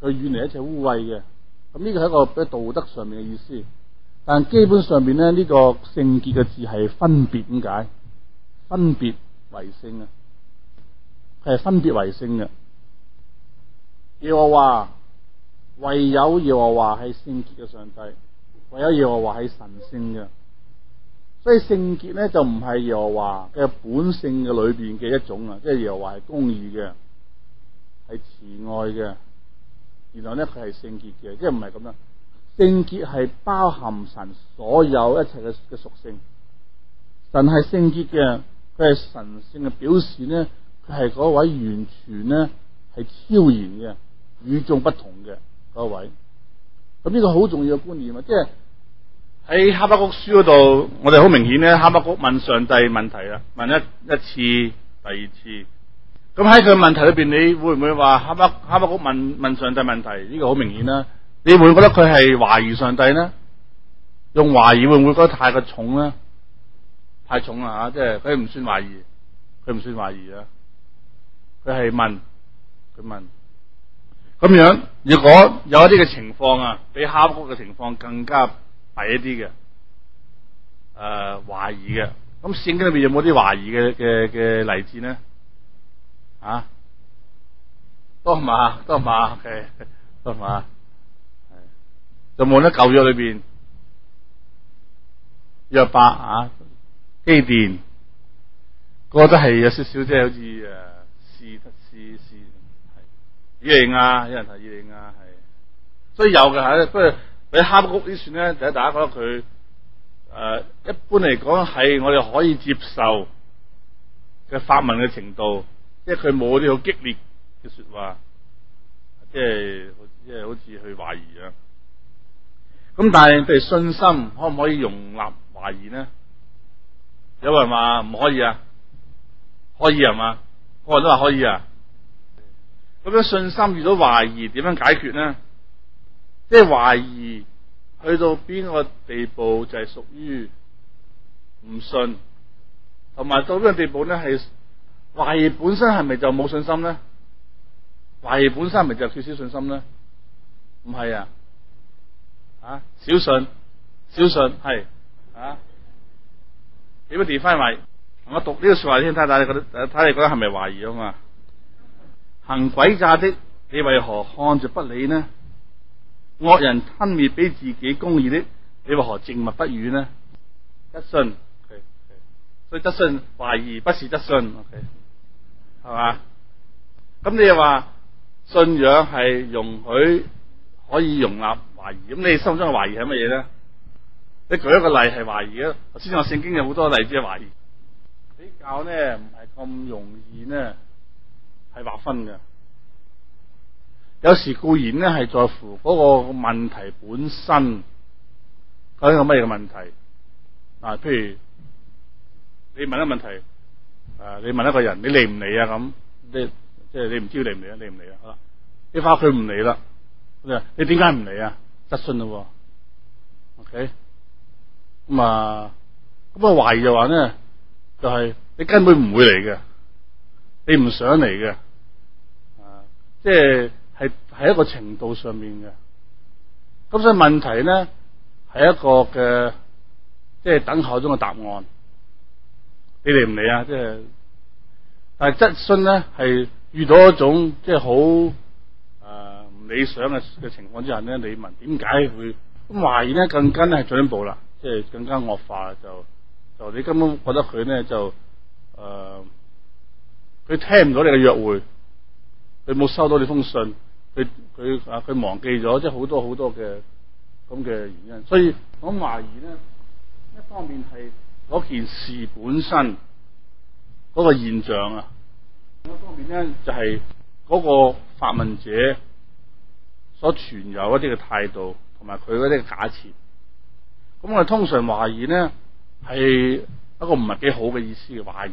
佢遠離一切污穢嘅。咁、嗯、呢、這個係一個比道德上面嘅意思，但係基本上面咧，呢、這個聖潔嘅字係分別點解？分別為聖啊，佢係分別為聖嘅。耶和華，唯有耶和華係聖潔嘅上帝，唯有耶和華係神聖嘅。所以聖潔咧就唔係耶和華嘅本性嘅裏邊嘅一種啊，即係耶和華係公義嘅，係慈愛嘅，然後咧佢係聖潔嘅，即係唔係咁樣。聖潔係包含神所有一切嘅嘅屬性，神係聖潔嘅。佢係神聖嘅，表示呢，佢係嗰位完全呢，係超然嘅、與眾不同嘅嗰位。咁呢個好重要嘅觀念啊！即係喺哈巴谷書嗰度，我哋好明顯呢，哈巴谷問上帝問題啦，問一一次、第二次。咁喺佢問題裏邊，你會唔會話哈巴哈巴谷問問上帝問題？呢個好明顯啦。你會唔會覺得佢係懷疑上帝呢？用懷疑會唔會覺得太過重呢？太重啦嚇、啊，即係佢唔算懷疑，佢唔算懷疑啊！佢係問，佢問咁樣，如果有一啲嘅情況啊，比哈巴谷嘅情況更加弊一啲嘅，誒、呃、懷疑嘅，咁聖經裏面有冇啲懷疑嘅嘅嘅例子呢？嚇，都唔係，都唔係，都唔係，就冇得舊約裏邊約伯啊。機電嗰都係有少少即係好似誒，是是是，以利亞，有人提以利亞係，所以有嘅係，不過比哈巴谷啲算咧，第一大家覺得佢誒、呃、一般嚟講係我哋可以接受嘅發問嘅程度，即係佢冇啲好激烈嘅説話，即係即係好似去懷疑啊。咁但係對信心可唔可以容納懷疑呢？有人話？唔可以啊？可以啊嘛？個人都話可以啊。咁樣信心遇到懷疑，點樣解決呢？即係懷疑去到邊個地步就係屬於唔信，同埋到呢個地步咧係懷疑本身係咪就冇信心咧？懷疑本身係咪就缺少信心咧？唔係啊？啊，小信，小信係啊？你要跌翻埋，我讀呢個說話先睇下，睇下你覺得睇你覺得係咪懷疑啊嘛？行詭詐的，你為何看着不理呢？惡人吞滅比自己公義的，你為何靜默不語呢？不信，所以不信懷疑不是不信，係嘛？咁你又話信仰係容許可以容納懷疑，咁你心中嘅懷疑係乜嘢咧？你舉一個例係懷疑啊。頭先我聖經有好多例子係懷疑。比較咧唔係咁容易咧，係劃分嘅。有時固然咧係在乎嗰個問題本身，究竟有乜嘢問題。嗱、啊，譬如你問一個問題、啊，你問一個人，你嚟唔嚟啊？咁，你即係、就是、你唔知嚟唔嚟啊？嚟唔嚟啊？好啦，你翻佢唔嚟啦，你點解唔嚟啊？質詢咯、啊、OK。咁啊，咁啊、嗯，懷疑嘅話咧，就係、是、你根本唔會嚟嘅，你唔想嚟嘅，啊，即係係喺一個程度上面嘅。咁所以問題咧係一個嘅，即、就、係、是、等效中等候中嘅答案。你嚟唔理嚟唔嚟啊？即、就、係、是，但係質詢咧係遇到一種即係好誒唔理想嘅嘅情況之下咧，你問點解會咁懷疑咧？更根更加係進一步啦。即係更加惡化，就就你根本覺得佢咧就誒佢、呃、聽唔到你嘅約會，佢冇收到你封信，佢佢啊佢忘記咗，即係好多好多嘅咁嘅原因。所以我懷疑咧，一方面係件事本身、嗰個現象啊，另一方面咧就係、是、個發問者所存有一啲嘅態度同埋佢啲嘅假設。咁我哋通常懷疑咧，係一個唔係幾好嘅意思嘅懷疑。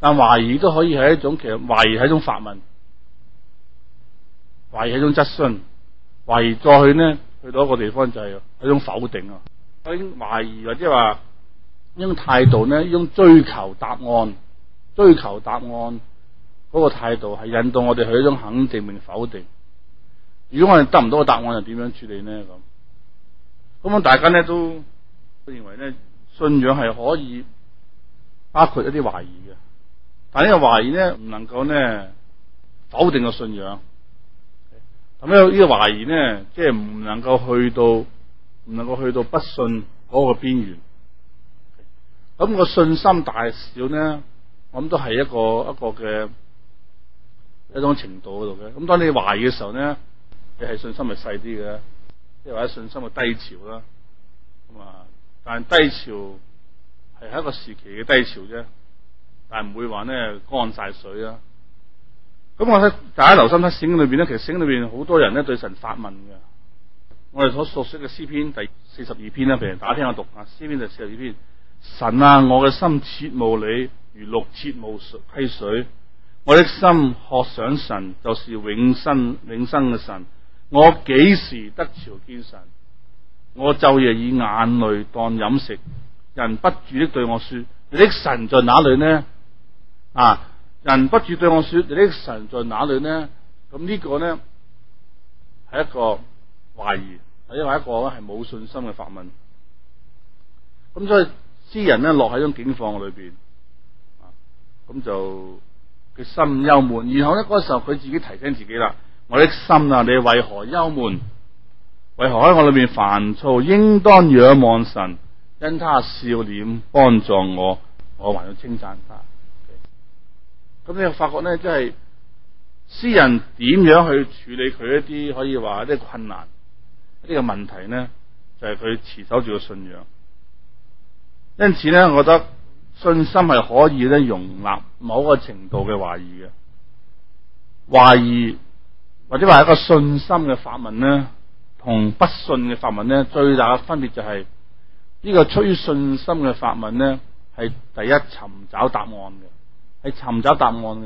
但懷疑都可以係一種其實懷疑係一種發問，懷疑係一種質詢，懷疑再去呢，去到一個地方就係一種否定啊！所以懷疑或者話呢種態度呢，呢種追求答案、追求答案嗰個態度係引導我哋去一種肯定同否定。如果我哋得唔到個答案，又點樣處理呢？咁？咁啊，大家咧都都認為咧，信仰係可以包括一啲懷疑嘅，但呢個懷疑咧唔能夠咧否定個信仰，咁咧呢個懷疑咧即係唔能夠去到唔能夠去到不信嗰個邊緣。咁個信心大小咧，我諗都係一個一個嘅一種程度度嘅。咁當你懷疑嘅時候咧，你係信心係細啲嘅。即係或者信心嘅低潮啦，咁啊，但係低潮係喺一個時期嘅低潮啫，但係唔會話咧乾晒水啦。咁、啊嗯、我睇大家留心睇聖經裏邊咧，其實聖經裏邊好多人咧對神發問嘅。我哋所熟悉嘅詩篇第四十二篇咧，譬如打聽下讀啊，詩篇第四十二篇，神啊，我嘅心切慕你，如鹿切慕溪水，我的心渴想神，就是永生永生嘅神。我幾時得朝見神？我晝夜以眼淚當飲食，人不住的對我說：你的神在哪裏呢？啊！人不住對我說：你的神在哪裏呢？咁呢個呢，係一個懷疑，或者一個呢係冇信心嘅發問。咁所以詩人呢，落喺種境況裏邊，咁就佢心憂悶。然後呢，嗰個時候佢自己提醒自己啦。我的心啊，你為何憂悶？為何喺我裏面煩躁？應當仰望神，因他笑臉幫助我，我還要稱讚他。咁、okay. 你又發覺呢，即係詩人點樣去處理佢一啲可以話一啲困難、啲、這、嘅、個、問題咧？就係、是、佢持守住個信仰。因此呢，我覺得信心係可以咧容納某個程度嘅懷疑嘅，懷疑。或者話一個信心嘅發問咧，同不信嘅發問咧，最大嘅分別就係呢個出於信心嘅發問咧，係第一尋找答案嘅，係尋找答案嘅。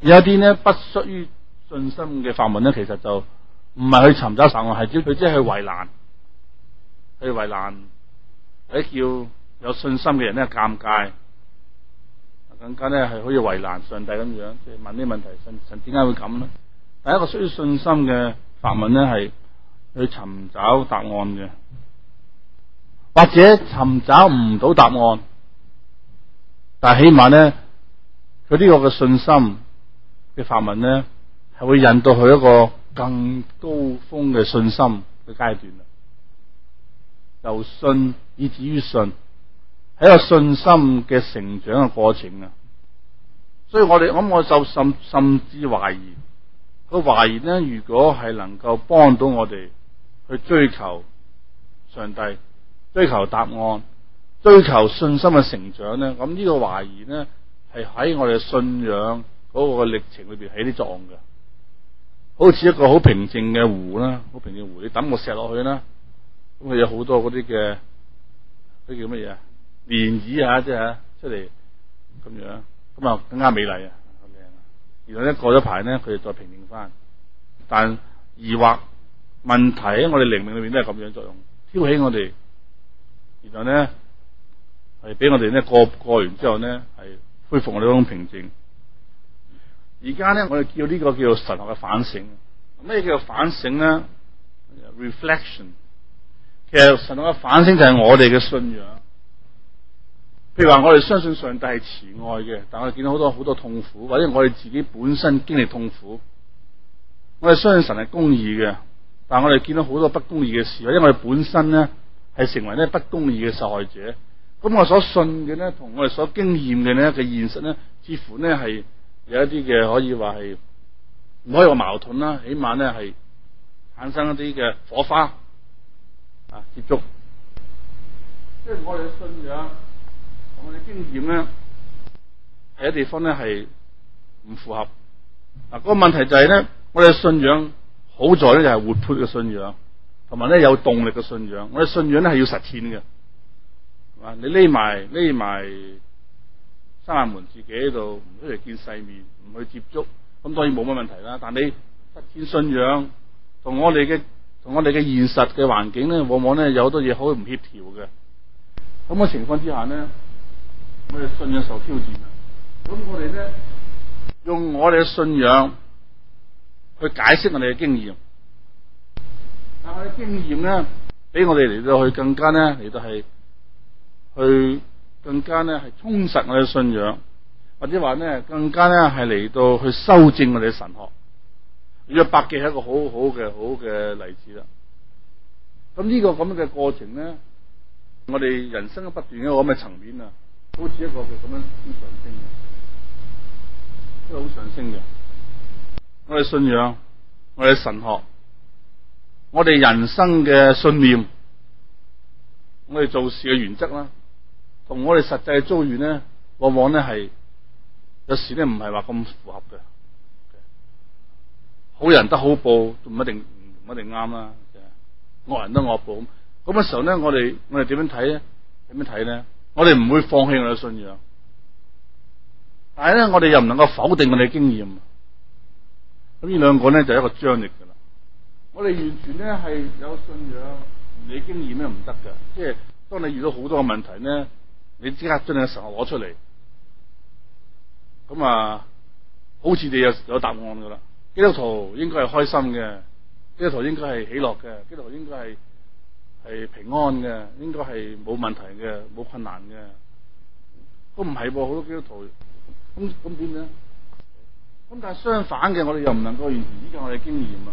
有一啲咧不出於信心嘅發問咧，其實就唔係去尋找答案，係只佢只係去為難，去為難，喺叫有信心嘅人咧尷尬，更加咧係可以為難上帝咁樣，即係問啲問題，神神點解會咁咧？第一個需要信心嘅法文咧，係去尋找答案嘅，或者尋找唔到答案，但係起碼咧，佢呢個嘅信心嘅法文咧，係會引到佢一個更高峰嘅信心嘅階段。由信以至於信，係一個信心嘅成長嘅過程啊。所以我哋咁，我就甚甚至懷疑。個懷疑咧，如果係能夠幫到我哋去追求上帝、追求答案、追求信心嘅成長咧，咁呢個懷疑咧係喺我哋信仰嗰個歷程裏邊起啲作用嘅。好似一個好平靜嘅湖啦，好平靜湖，你抌個石落去啦咁佢有好多嗰啲嘅，佢叫乜嘢啊？漣漪啊，即係出嚟咁樣，咁啊更加美麗啊！然後咧過咗排咧，佢哋再平靜翻。但疑惑問題喺我哋靈命裏面都係咁樣作用，挑起我哋。然後咧係俾我哋咧過過完之後咧係恢復我哋種平靜。而家咧我哋叫呢個叫做神學嘅反省。咩叫做反省咧？reflection。其實神學嘅反省就係我哋嘅信仰。譬如話，我哋相信上帝係慈愛嘅，但我哋見到好多好多痛苦，或者我哋自己本身經歷痛苦。我哋相信神係公義嘅，但我哋見到好多不公義嘅事，或者我哋本身咧係成為咧不公義嘅受害者。咁我所信嘅咧，同我哋所經驗嘅咧嘅現實咧，似乎咧係有一啲嘅，可以話係唔可以話矛盾啦。起碼咧係產生一啲嘅火花啊，接觸。即係我哋信仰。我哋經驗咧，喺啲地方咧係唔符合嗱。嗰個問題就係咧，我哋信仰好在咧就係活潑嘅信仰，同埋咧有動力嘅信仰。我哋信仰咧係要實踐嘅，係嘛？啊，你匿埋匿埋閂下門，自己喺度唔出嚟見世面，唔去接觸，咁當然冇乜問題啦。但你實踐信仰，同我哋嘅同我哋嘅現實嘅環境咧，往往咧有好多嘢好唔協調嘅。咁嘅情況之下咧，我哋信仰受挑戰啦，咁我哋咧用我哋嘅信仰去解釋我哋嘅經驗，但係經驗咧俾我哋嚟到去更加咧嚟到係去更加咧係充實我哋嘅信仰，或者話咧更加咧係嚟到去修正我哋嘅神學。約伯記係一個好好嘅好嘅例子啦。咁呢個咁樣嘅過程咧，我哋人生嘅不斷嘅咁嘅層面啊。好似一個佢咁樣，啲上升嘅，都係好上升嘅。我哋信仰，我哋神學，我哋人生嘅信念，我哋做事嘅原則啦，同我哋實際嘅遭遇咧，往往咧係有時咧唔係話咁符合嘅。好人得好報，都唔一定唔一定啱啦。惡人得惡報，咁嘅時候咧，我哋我哋點樣睇咧？點樣睇咧？我哋唔會放棄我哋嘅信仰，但係咧，我哋又唔能夠否定我哋嘅經驗。咁呢兩個咧就一個張力噶啦。我哋完全咧係有信仰，唔理經驗咧唔得噶。即係當你遇到好多嘅問題咧，你即刻將你嘅神學攞出嚟，咁啊，好似你有有答案噶啦。基督徒應該係開心嘅，基督徒應該係喜樂嘅，基督徒應該係。係平安嘅，應該係冇問題嘅，冇困難嘅。都唔係噃，好多基督徒咁咁點啫？咁但係相反嘅，我哋又唔能夠完全依靠我哋經驗啊，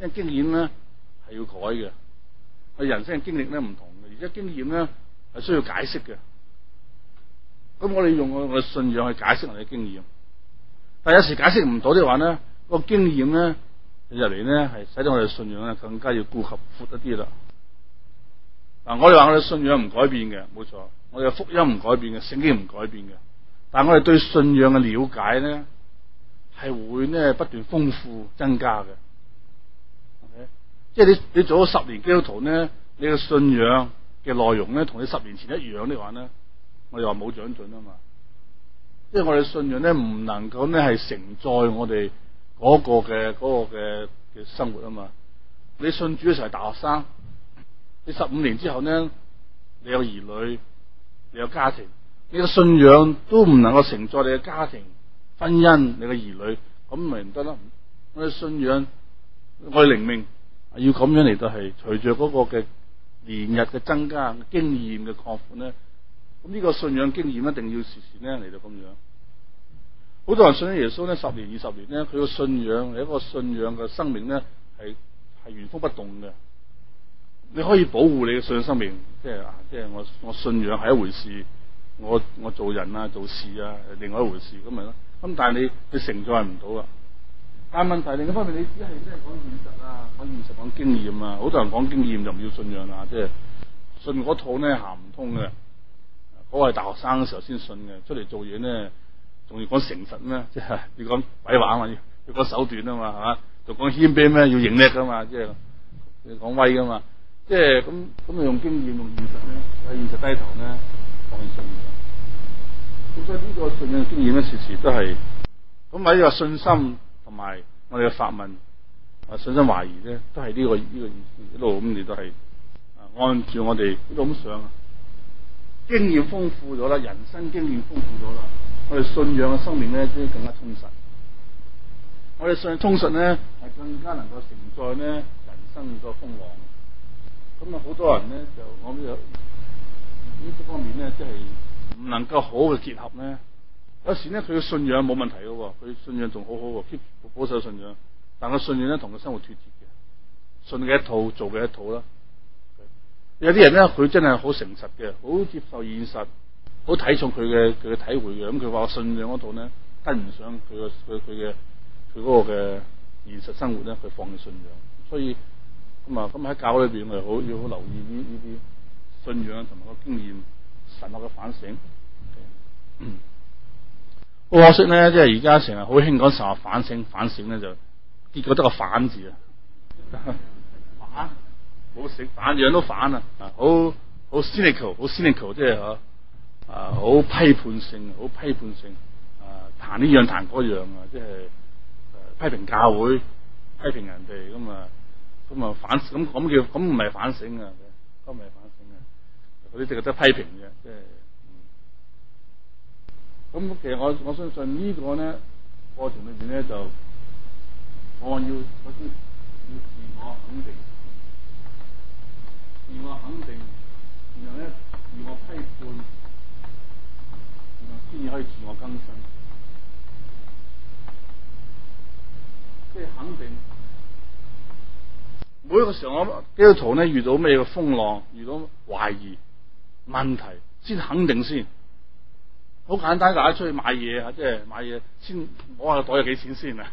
因為經驗咧係要改嘅，佢人生經歷咧唔同嘅，而家經驗咧係需要解釋嘅。咁我哋用我嘅信仰去解釋我哋經驗，但係有時解釋唔到嘅話咧，個經驗咧入嚟咧係使到我哋信仰咧更加要顧及闊一啲啦。嗱，我哋話我哋信仰唔改變嘅，冇錯。我哋嘅福音唔改變嘅，聖經唔改變嘅。但係我哋對信仰嘅了解咧，係會咧不斷豐富增加嘅。係、okay? 咪？即係你你做咗十年基督徒咧，你嘅信仰嘅內容咧，同你十年前一樣嘅話咧，我哋話冇長進啊嘛。即係我哋信仰咧，唔能夠咧係承載我哋個嘅、嗰個嘅嘅、嗰個、生活啊嘛。你信主嘅時候係大學生。十五年之後咧，你有兒女，你有家庭，你嘅信仰都唔能夠承載你嘅家庭、婚姻、你嘅兒女，咁咪唔得啦！我哋信仰我哋靈命，要咁樣嚟到係，隨住嗰個嘅年日嘅增加、經驗嘅擴闊咧，咁呢個信仰經驗一定要時時咧嚟到咁樣。好多人信仰耶穌咧，十年二十年咧，佢個信仰係一個信仰嘅生命咧，係係原封不動嘅。你可以保護你嘅信仰生命，即係即係我我信仰係一回事，我我做人啊做事啊另外一回事咁咪咯，咁、就是、但係你你承載唔到啦。但係問題另一方面，你只係即係講現實啊，講現實講經驗啊，好多人講經驗就唔要信仰啊，即係信嗰套咧行唔通嘅。嗰、嗰個大學生嘅時候先信嘅，出嚟做嘢咧仲要講誠實咩？即係要講鬼話啊嘛，要要講手段啊嘛，係、啊、嘛？仲講謙卑咩？要認叻噶嘛？即係講威噶嘛？即係咁咁啊！用經驗，用現實咧，喺現實低頭咧，講信，信，信心。咁所以呢個信仰嘅經驗咧，時時都係咁。或呢個信心同埋我哋嘅發問，啊，信心懷疑咧，都係呢、這個呢、這個意思一路咁。你都係按照我哋一路咁上啊。經驗豐富咗啦，人生經驗豐富咗啦，我哋信仰嘅生命咧，先更加充實。我哋信仰充實咧，係更加能夠承載咧人生個風浪。咁啊，好、嗯、多人咧就我都有呢方面咧，即係唔能夠好好嘅結合咧。有時咧，佢嘅信仰冇問題嘅，佢信仰仲好好，keep 保守信仰。但個信仰咧同佢生活脫節嘅，信嘅一套做嘅一套啦。有啲人咧，佢真係好誠實嘅，好接受現實，好睇重佢嘅佢嘅體會嘅。咁佢話信仰嗰套咧跟唔上佢個佢佢嘅佢嗰個嘅現實生活咧，佢放棄信仰，所以。咁啊，咁喺、嗯、教裏邊，我哋好要好留意呢呢啲信仰同埋個經驗，神學嘅反省。好可惜咧，即係而家成日好興講神學反省、反省咧，就結果得個反字 啊！反，好死反，樣都反啊！好好 cynical 好 cynical 即係嗬啊，好批判性，好批判性啊，彈呢樣彈嗰樣啊，即係批評教會，批評人哋咁、嗯、啊。咁啊、嗯、反咁咁叫咁唔係反省啊，咁唔係反省啊，嗰啲即係真批評嘅，即、就、係、是，咁、嗯、其實我我相信個呢個咧過程裏邊咧就，我要首先要自我肯定，自我肯定，然後咧自我批判，然後先至可以自我更新，即係肯定。每一個時候，我基督徒呢？遇到咩嘅風浪？遇到懷疑、問題，先肯定先。好簡單，大家出去買嘢啊，即係買嘢，先摸下袋有幾錢先啊！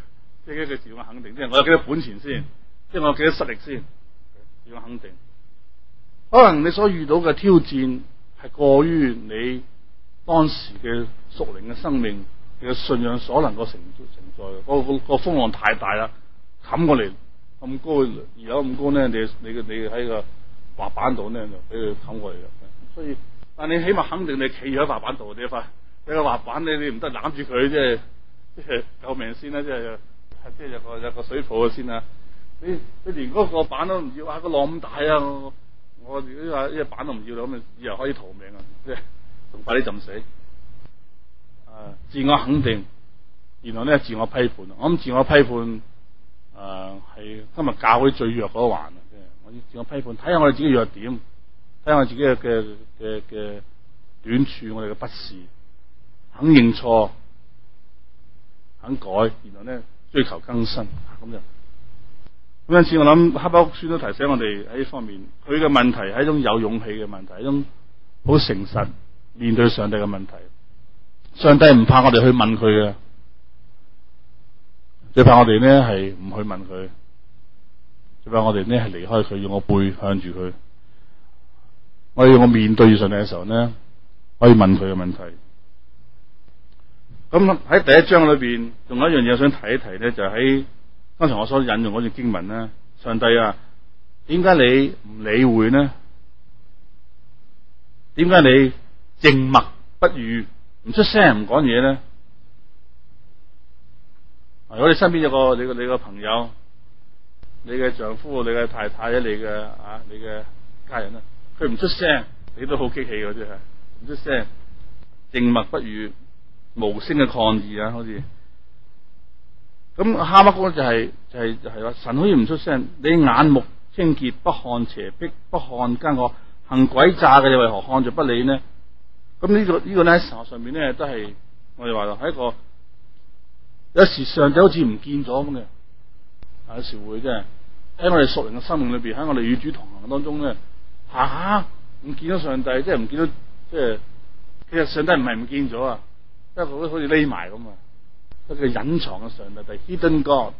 即係呢句詞，我肯定即先。 我有幾多本錢先？即係我有幾多實力先？點樣肯定？可能你所遇到嘅挑戰係過於你當時嘅屬靈嘅生命嘅信仰所能夠承承載嘅，個個、那個風浪太大啦，冚過嚟。咁高二樓咁高咧，你你你喺個滑板度咧，就俾佢冚過嚟嘅。所以，但你起碼肯定你企住喺滑板度，你快，你個滑板你你唔得攬住佢，即係即係救命先啦，即係即係有個有個水泡先啦。你你連嗰個板都唔要啊！個浪咁大啊！我我呢個板都唔要咁啊，以後可以逃命啊！即係仲快啲浸死。啊，自我肯定，然後咧自我批判。我諗自我批判。誒，係、啊、今日教會最弱嗰一環啊！我要自我批判，睇下我哋自己弱點，睇下我自己嘅嘅嘅短處，我哋嘅不是，肯認錯，肯改，然後咧追求更新，咁就咁有陣時我諗哈巴谷書都提醒我哋喺呢方面，佢嘅問題係一種有勇氣嘅問題，一種好誠實面對上帝嘅問題。上帝唔怕我哋去問佢嘅。最怕我哋呢係唔去問佢，最怕我哋呢係離開佢，用我背向住佢。我以我面對上帝嘅時候呢，可以問佢嘅問題。咁喺、嗯、第一章裏邊，仲有一樣嘢想提一提呢，就喺、是、剛才我所引用嗰段經文呢：「上帝啊，點解你唔理會呢？點解你靜默不語，唔出聲唔講嘢呢？」我哋身邊有個你嘅你嘅朋友，你嘅丈夫、你嘅太太、你嘅啊、你嘅家人啦，佢唔出聲，你都好激氣嘅，即係唔出聲，靜默不語，無聲嘅抗議啊，好似咁哈巴谷就係、是、就係、是、就係、是、話神可以唔出聲，你眼目清潔，不看邪僻，不看奸惡，行詭詐嘅你為何看着不理呢？咁呢、這個這個呢個呢上面咧都係我哋話咯，係一個。有時上帝好似唔見咗咁嘅，有時會真係喺我哋屬靈嘅生命裏邊，喺我哋與主同行嘅當中咧，吓、啊、唔見到上帝，即係唔見到，即係其實上帝唔係唔見咗啊，即係好似好似匿埋咁啊，即係隱藏嘅上帝 hidden God。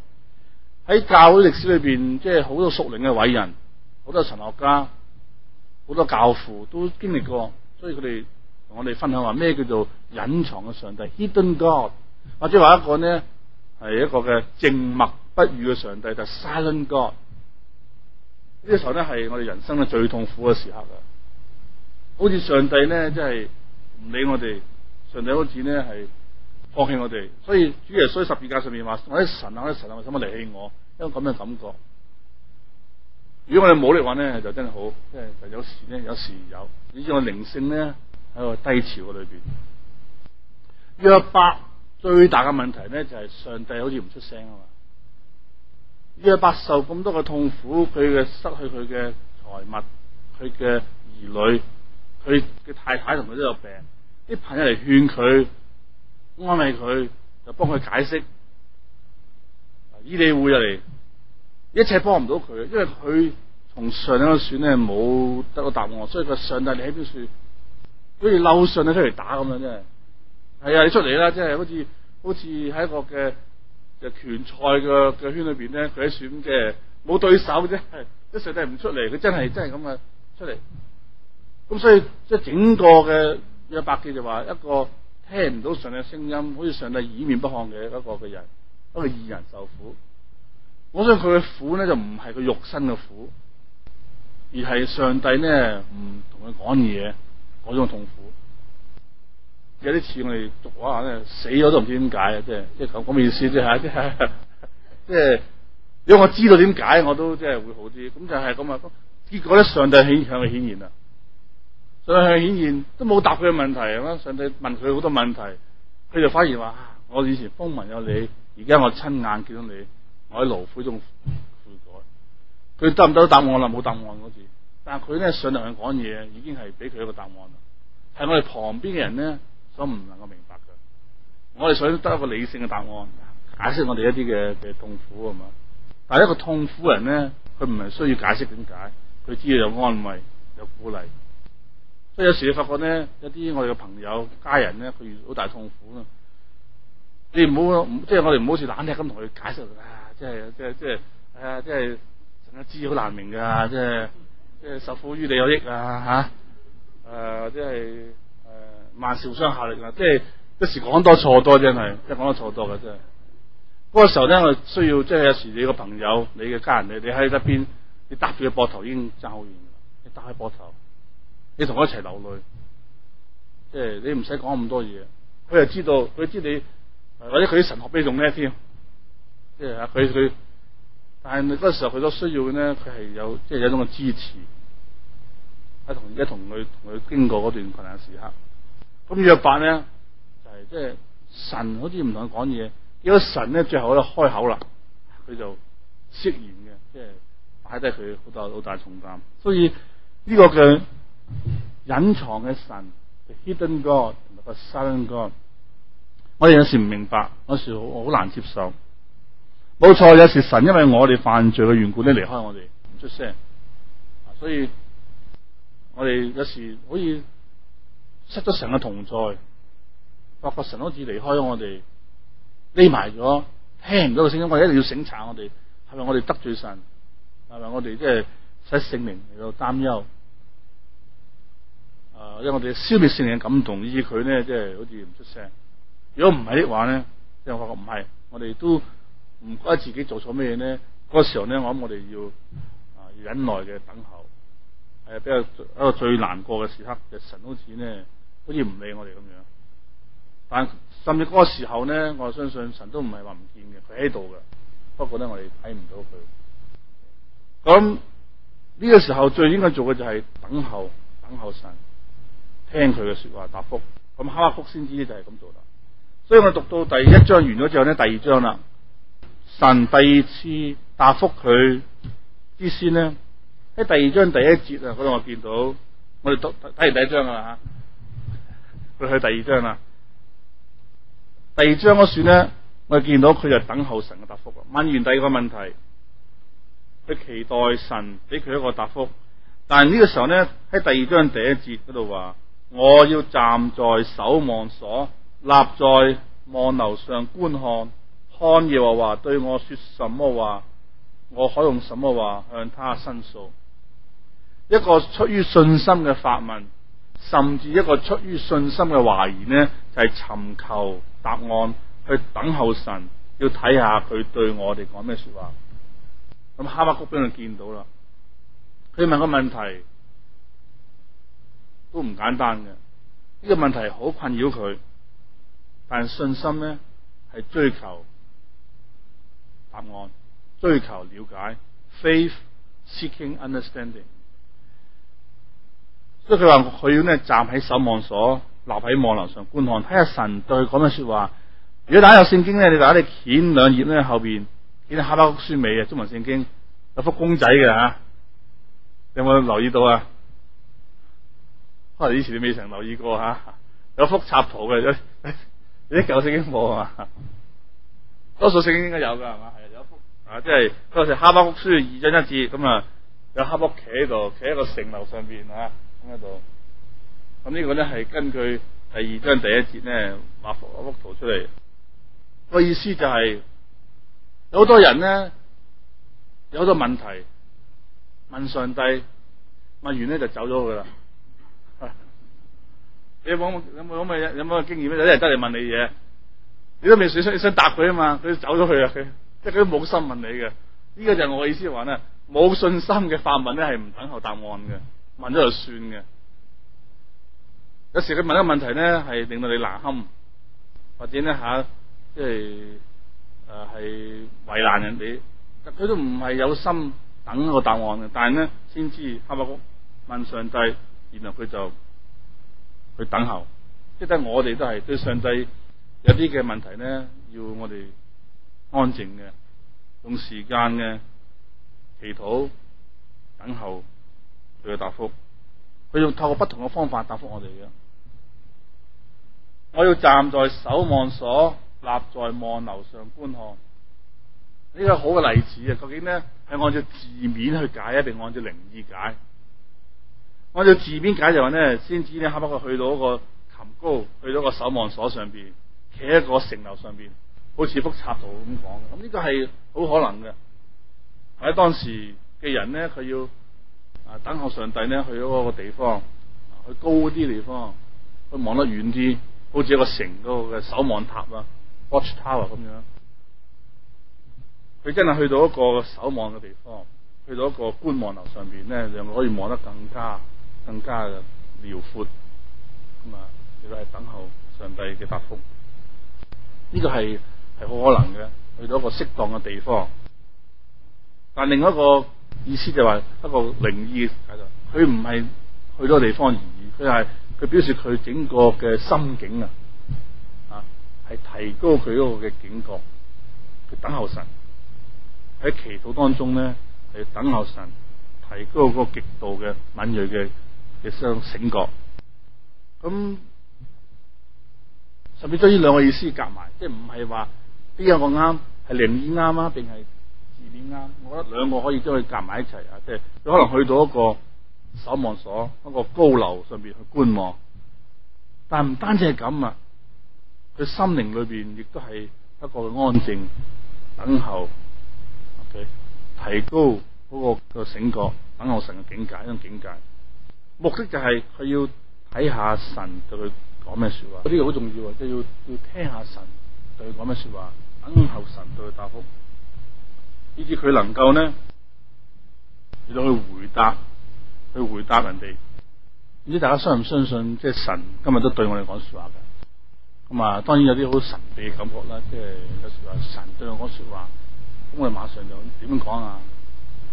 喺教會歷史裏邊，即係好多屬靈嘅偉人，好多神學家，好多教父都經歷過，所以佢哋同我哋分享話咩叫做隱藏嘅上帝 hidden God。或者話一個呢，係一個嘅靜默不語嘅上帝，就是、Silent God。呢個時候呢，係我哋人生呢最痛苦嘅時刻啊！好似上帝呢，真係唔理我哋，上帝好似呢，係放棄我哋，所以主耶穌喺十字架上面話：我嘅神啊，我嘅神啊，為什麼離棄我？因為咁嘅感覺。如果我哋冇力話呢，就真係好，即係就是、有時呢，有時有，以致我靈性呢，喺個低潮嘅裏邊，約伯。最大嘅問題咧，就係、是、上帝好似唔出聲啊嘛！約伯受咁多嘅痛苦，佢嘅失去佢嘅財物，佢嘅兒女，佢嘅太太同佢都有病，啲朋友嚟勸佢、安慰佢，就幫佢解釋。以利戶入嚟，一切幫唔到佢，因為佢從上帝嗰邊選咧冇得個答案，所以個上帝你喺邊處？好似嬲上帝出嚟打咁樣啫。係啊，你出嚟啦，即係好似好似喺一個嘅嘅拳賽嘅嘅圈裏邊咧，佢喺選嘅冇對手啫，係即上帝唔出嚟，佢真係真係咁嘅出嚟。咁所以即係整個嘅約伯記就話一個聽唔到上帝聲音，好似上帝以面不看嘅一個嘅人，一個義人受苦。我想佢嘅苦咧就唔係個肉身嘅苦，而係上帝咧唔同佢講嘢嗰種痛苦。有啲似我哋俗話咧，死咗都唔知點解啊！即係即係咁咁嘅意思啫，即係即係如果我知道點解，我都即係會好啲。咁就係咁啊！結果咧，上帝顯向佢顯現啦。上帝向佢顯現都冇答佢嘅問題啊！上帝問佢好多問題，佢就反而話：我以前風聞有你，而家我親眼見到你，我喺勞苦中悔改。佢得唔得到答案？我諗冇答案嗰字。但係佢咧，上帝向佢講嘢，已經係俾佢一個答案啦。係我哋旁邊嘅人咧。都唔能夠明白嘅，我哋想得一個理性嘅答案，解釋我哋一啲嘅嘅痛苦係嘛？但係一個痛苦人咧，佢唔係需要解釋點解，佢只要有安慰，有鼓勵。所以有時你發覺咧，一啲我哋嘅朋友、家人咧，佢遇到好大痛苦啊！你唔好即係我哋唔好似懶叻咁同佢解釋，啊！即係即係即係，啊！即係，成、啊、日、啊、知好難明噶、啊啊，即係即係受苦於你有益啊！嚇，誒、啊，即係。萬少傷下力㗎，即係一時講多錯多真係，真係講多錯多㗎真係。嗰個時候咧，我需要即係有時你個朋友、你嘅家人，你你喺一邊，你搭住佢膊頭已經爭好遠。你搭佢膊頭，你同我一齊流淚，即係你唔使講咁多嘢。佢又知道，佢知你，或者佢啲神學背景叻添？即係佢佢，但係嗰個時候佢都需要嘅呢，佢係有即係有種嘅支持，喺同而家同佢同佢經過嗰段困難時刻。咁呢一版咧，就係即係神好似唔同佢講嘢，結果神咧最後咧開口啦，佢就釋然嘅，即係擺低佢好大好大重擔。所以呢個嘅隱藏嘅神，hidden god 同埋個 sun god，我哋有時唔明白，有時好好難接受。冇錯，有時神因為我哋犯罪嘅緣故咧離開我哋，唔出聲。所以，我哋有時可以。失咗神嘅同在，發覺神好似離開我哋，匿埋咗，聽唔到個聲音。我哋一定要省察我哋，係咪我哋得罪神？係咪我哋即係使聖靈嚟到擔憂？啊、呃，因為我哋消滅聖靈嘅感動，以致佢咧即係好似唔出聲。如果唔係的話咧，即係發覺唔係，我哋都唔覺得自己做錯咩嘢咧。嗰、那個時候咧，我諗我哋要啊，要忍耐嘅等候。係比較一個最難過嘅時刻，就神好似咧。好似唔理我哋咁樣，但甚至嗰個時候咧，我相信神都唔係話唔見嘅，佢喺度嘅，不過咧，我哋睇唔到佢。咁呢個時候最應該做嘅就係等候，等候神聽佢嘅說話答覆咁哈巴谷先知就係咁做啦。所以我讀到第一章完咗之後咧，第二章啦，神第二次答覆佢啲先呢，喺第二章第一節啊，嗰度我見到我哋讀睇完第一章噶吓。佢去第二章啦，第二章嗰時呢，我哋見到佢就等候神嘅答覆問完第二個問題，佢期待神俾佢一個答覆但係呢個時候呢，喺第二章第一節嗰度話：我要站在守望所，立在望樓上觀看，看耶和華對我說什麼話，我可用什麼話向他申訴。一個出於信心嘅發問。甚至一個出於信心嘅懷疑呢就係、是、尋求答案，去等候神，要睇下佢對我哋講咩說話。咁哈巴谷俾佢見到啦，佢問個問題都唔簡單嘅，呢、這個問題好困擾佢，但信心呢係追求答案、追求了解，faith seeking understanding。即係佢話佢要咧站喺守望所，留喺望樓上觀看，睇下神對佢講嘅說話。如果大家有聖經咧，你大家咧掀兩頁咧後邊，掀到《哈巴谷書》尾嘅中文聖經有幅公仔嘅吓，啊、你有冇留意到啊？可、啊、能以前你未曾留意過吓、啊，有幅插圖嘅。啊、舊聖有啲舊聖經冇啊？多數聖經應該有噶係嘛？係啊，有幅啊，即係嗰陣時哈巴谷書二章一節咁啊，有哈巴谷企喺度，企喺個城樓上邊啊。聽到，咁呢個咧係根據第二章第一節咧畫幅幅圖出嚟，個意思就係、是，有好多人咧有好多問題問上帝，問完咧就走咗佢啦。你有冇有冇咁嘅有冇經驗？有啲人得嚟問你嘢，你都未想出想答佢啊嘛，佢走咗去啊，佢即係佢都冇心問你嘅。呢個就係我嘅意思話、就、咧、是，冇信心嘅發問咧係唔等候答案嘅。問咗就算嘅。有時佢問一個問題咧，係令到你難堪，或者咧吓，即係誒係為難人哋，佢都唔係有心等個答案嘅。但係咧先知，哈巴谷問上帝，然後佢就去等候，即係我哋都係對上帝有啲嘅問題咧，要我哋安靜嘅，用時間嘅祈禱等候。佢嘅答覆，佢用透過不同嘅方法答覆我哋嘅。我要站在守望所，立在望樓上觀看。呢個好嘅例子啊！究竟呢係按照字面去解一定按照靈意解？按照字面解就話呢，先知咧哈巴 q 去到一個琴高，去到個守望所上邊，企喺個城樓上邊，好似幅插圖咁講。咁呢個係好可能嘅，或者當時嘅人呢，佢要。啊！等候上帝咧，去咗嗰個地方，啊、去高啲地方，去望得遠啲，好似一個城嗰個嘅守望塔啊 watch tower 咁樣。佢真係去到一個守望嘅地方，去到一個觀望樓上邊咧，就可以望得更加更加嘅遼闊咁啊，亦都係等候上帝嘅答覆。呢、這個係係好可能嘅，去到一個適當嘅地方。但另外一個。意思就話一個靈意嘅態度，佢唔係去咗地方而已，佢係佢表示佢整個嘅心境啊，啊，係提高佢個嘅警覺，去等候神喺祈禱當中咧，係等候神，提高個極度嘅敏銳嘅嘅醒覺，咁順便將呢兩個意思夾埋，即係唔係話邊有個啱，係靈意啱啊，定係？點啱？我覺得兩個可以將佢夾埋一齊啊！即係佢可能去到一個守望所，一個高樓上邊去觀望，但唔單止係咁啊！佢心靈裏邊亦都係一個安靜等候，OK，提高個個醒覺，等候神嘅境界，一種境界。目的就係佢要睇下神對佢講咩說話，嗰啲好重要啊，即係要要聽下神對佢講咩說話，等候神對佢答復。以至佢能夠咧，嚟到去回答，去回答人哋。唔知大家相唔相信，即係神今日都對我哋講説話㗎。咁啊，當然有啲好神秘嘅感覺啦。即係有時話神對我講説話，咁我哋馬上就點樣講啊？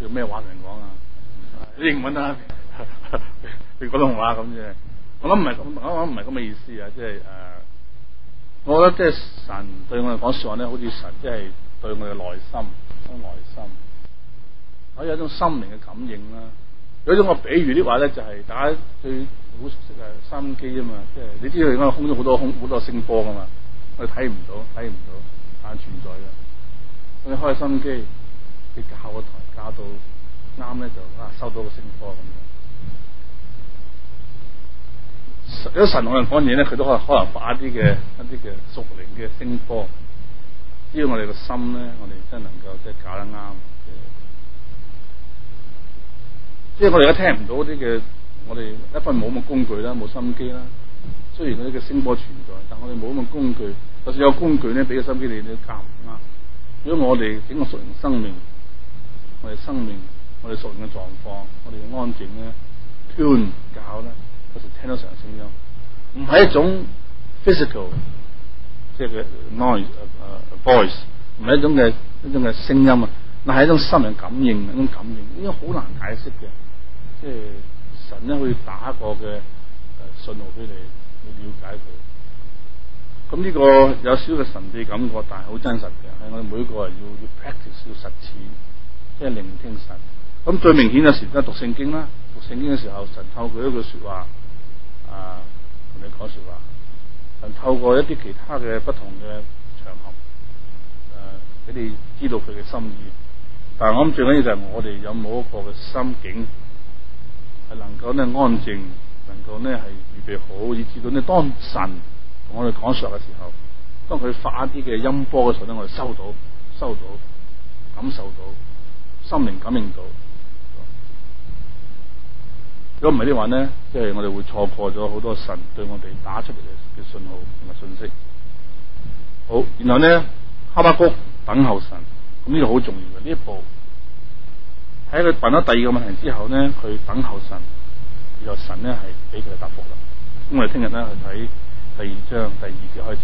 用咩話嚟講啊？英文啊？粵語講話咁啫。我諗唔係咁，我諗唔係咁嘅意思啊。即係誒，uh, 我覺得即係神對我哋講説話咧，好似神即係對我哋嘅內心。嘅內心，可以有一種心靈嘅感應啦。有一種我比喻啲話咧、就是，就係大家最好熟悉嘅心機啊嘛。即係你知道而家空咗好多空好多聲波啊嘛，我哋睇唔到睇唔到，但存在嘅。你開心機，你敲個台加到啱咧，就哇、啊、收到個聲波咁。有神嗰樣講嘢咧，佢都可能可能發啲嘅一啲嘅熟靈嘅聲波。因為我哋個心咧，我哋真係能夠即係搞得啱。即係我哋而家聽唔到啲嘅，我哋一份冇咁嘅工具啦，冇心機啦。雖然佢呢個聲波存在，但我哋冇咁嘅工具。就算有工具咧，俾個心機你都，都夾唔啱。如果我哋整個屬人生命，我哋生命，我哋屬人嘅狀況，我哋嘅安靜咧，調搞咧，嗰時聽到常聲音，唔係一種 physical。即係嘅、uh, noise，uh, voice 唔係一種嘅一種嘅聲音啊，但係一種心靈感應，一種感應應該好難解釋嘅。即係神咧，去打個嘅誒信號俾你去了解佢。咁呢個有少嘅神秘感覺，但係好真實嘅。係、嗯、我哋每一個人要要 practice 要實踐，即係聆聽神。咁最明顯有時而家讀聖經啦，讀聖經嘅時候，神透過一句說話啊，同你講說話。透過一啲其他嘅不同嘅場合，誒、呃、俾你知道佢嘅心意。但係我諗最緊要就係我哋有冇一個嘅心境係能夠咧安靜，能夠咧係預備好，以至到咧當神同我哋講述嘅時候，當佢發一啲嘅音波嘅時候咧，我哋收到、收到、感受到、心靈感應到。如果唔係呢話咧，即係我哋會錯過咗好多神對我哋打出嚟嘅嘅信號同埋信息。好，然後咧，哈巴谷等候神，咁呢個好重要嘅呢一步。喺佢問咗第二個問題之後咧，佢等候神，然後神咧係俾佢嘅答覆啦。咁我哋聽日咧去睇第二章第二節開始。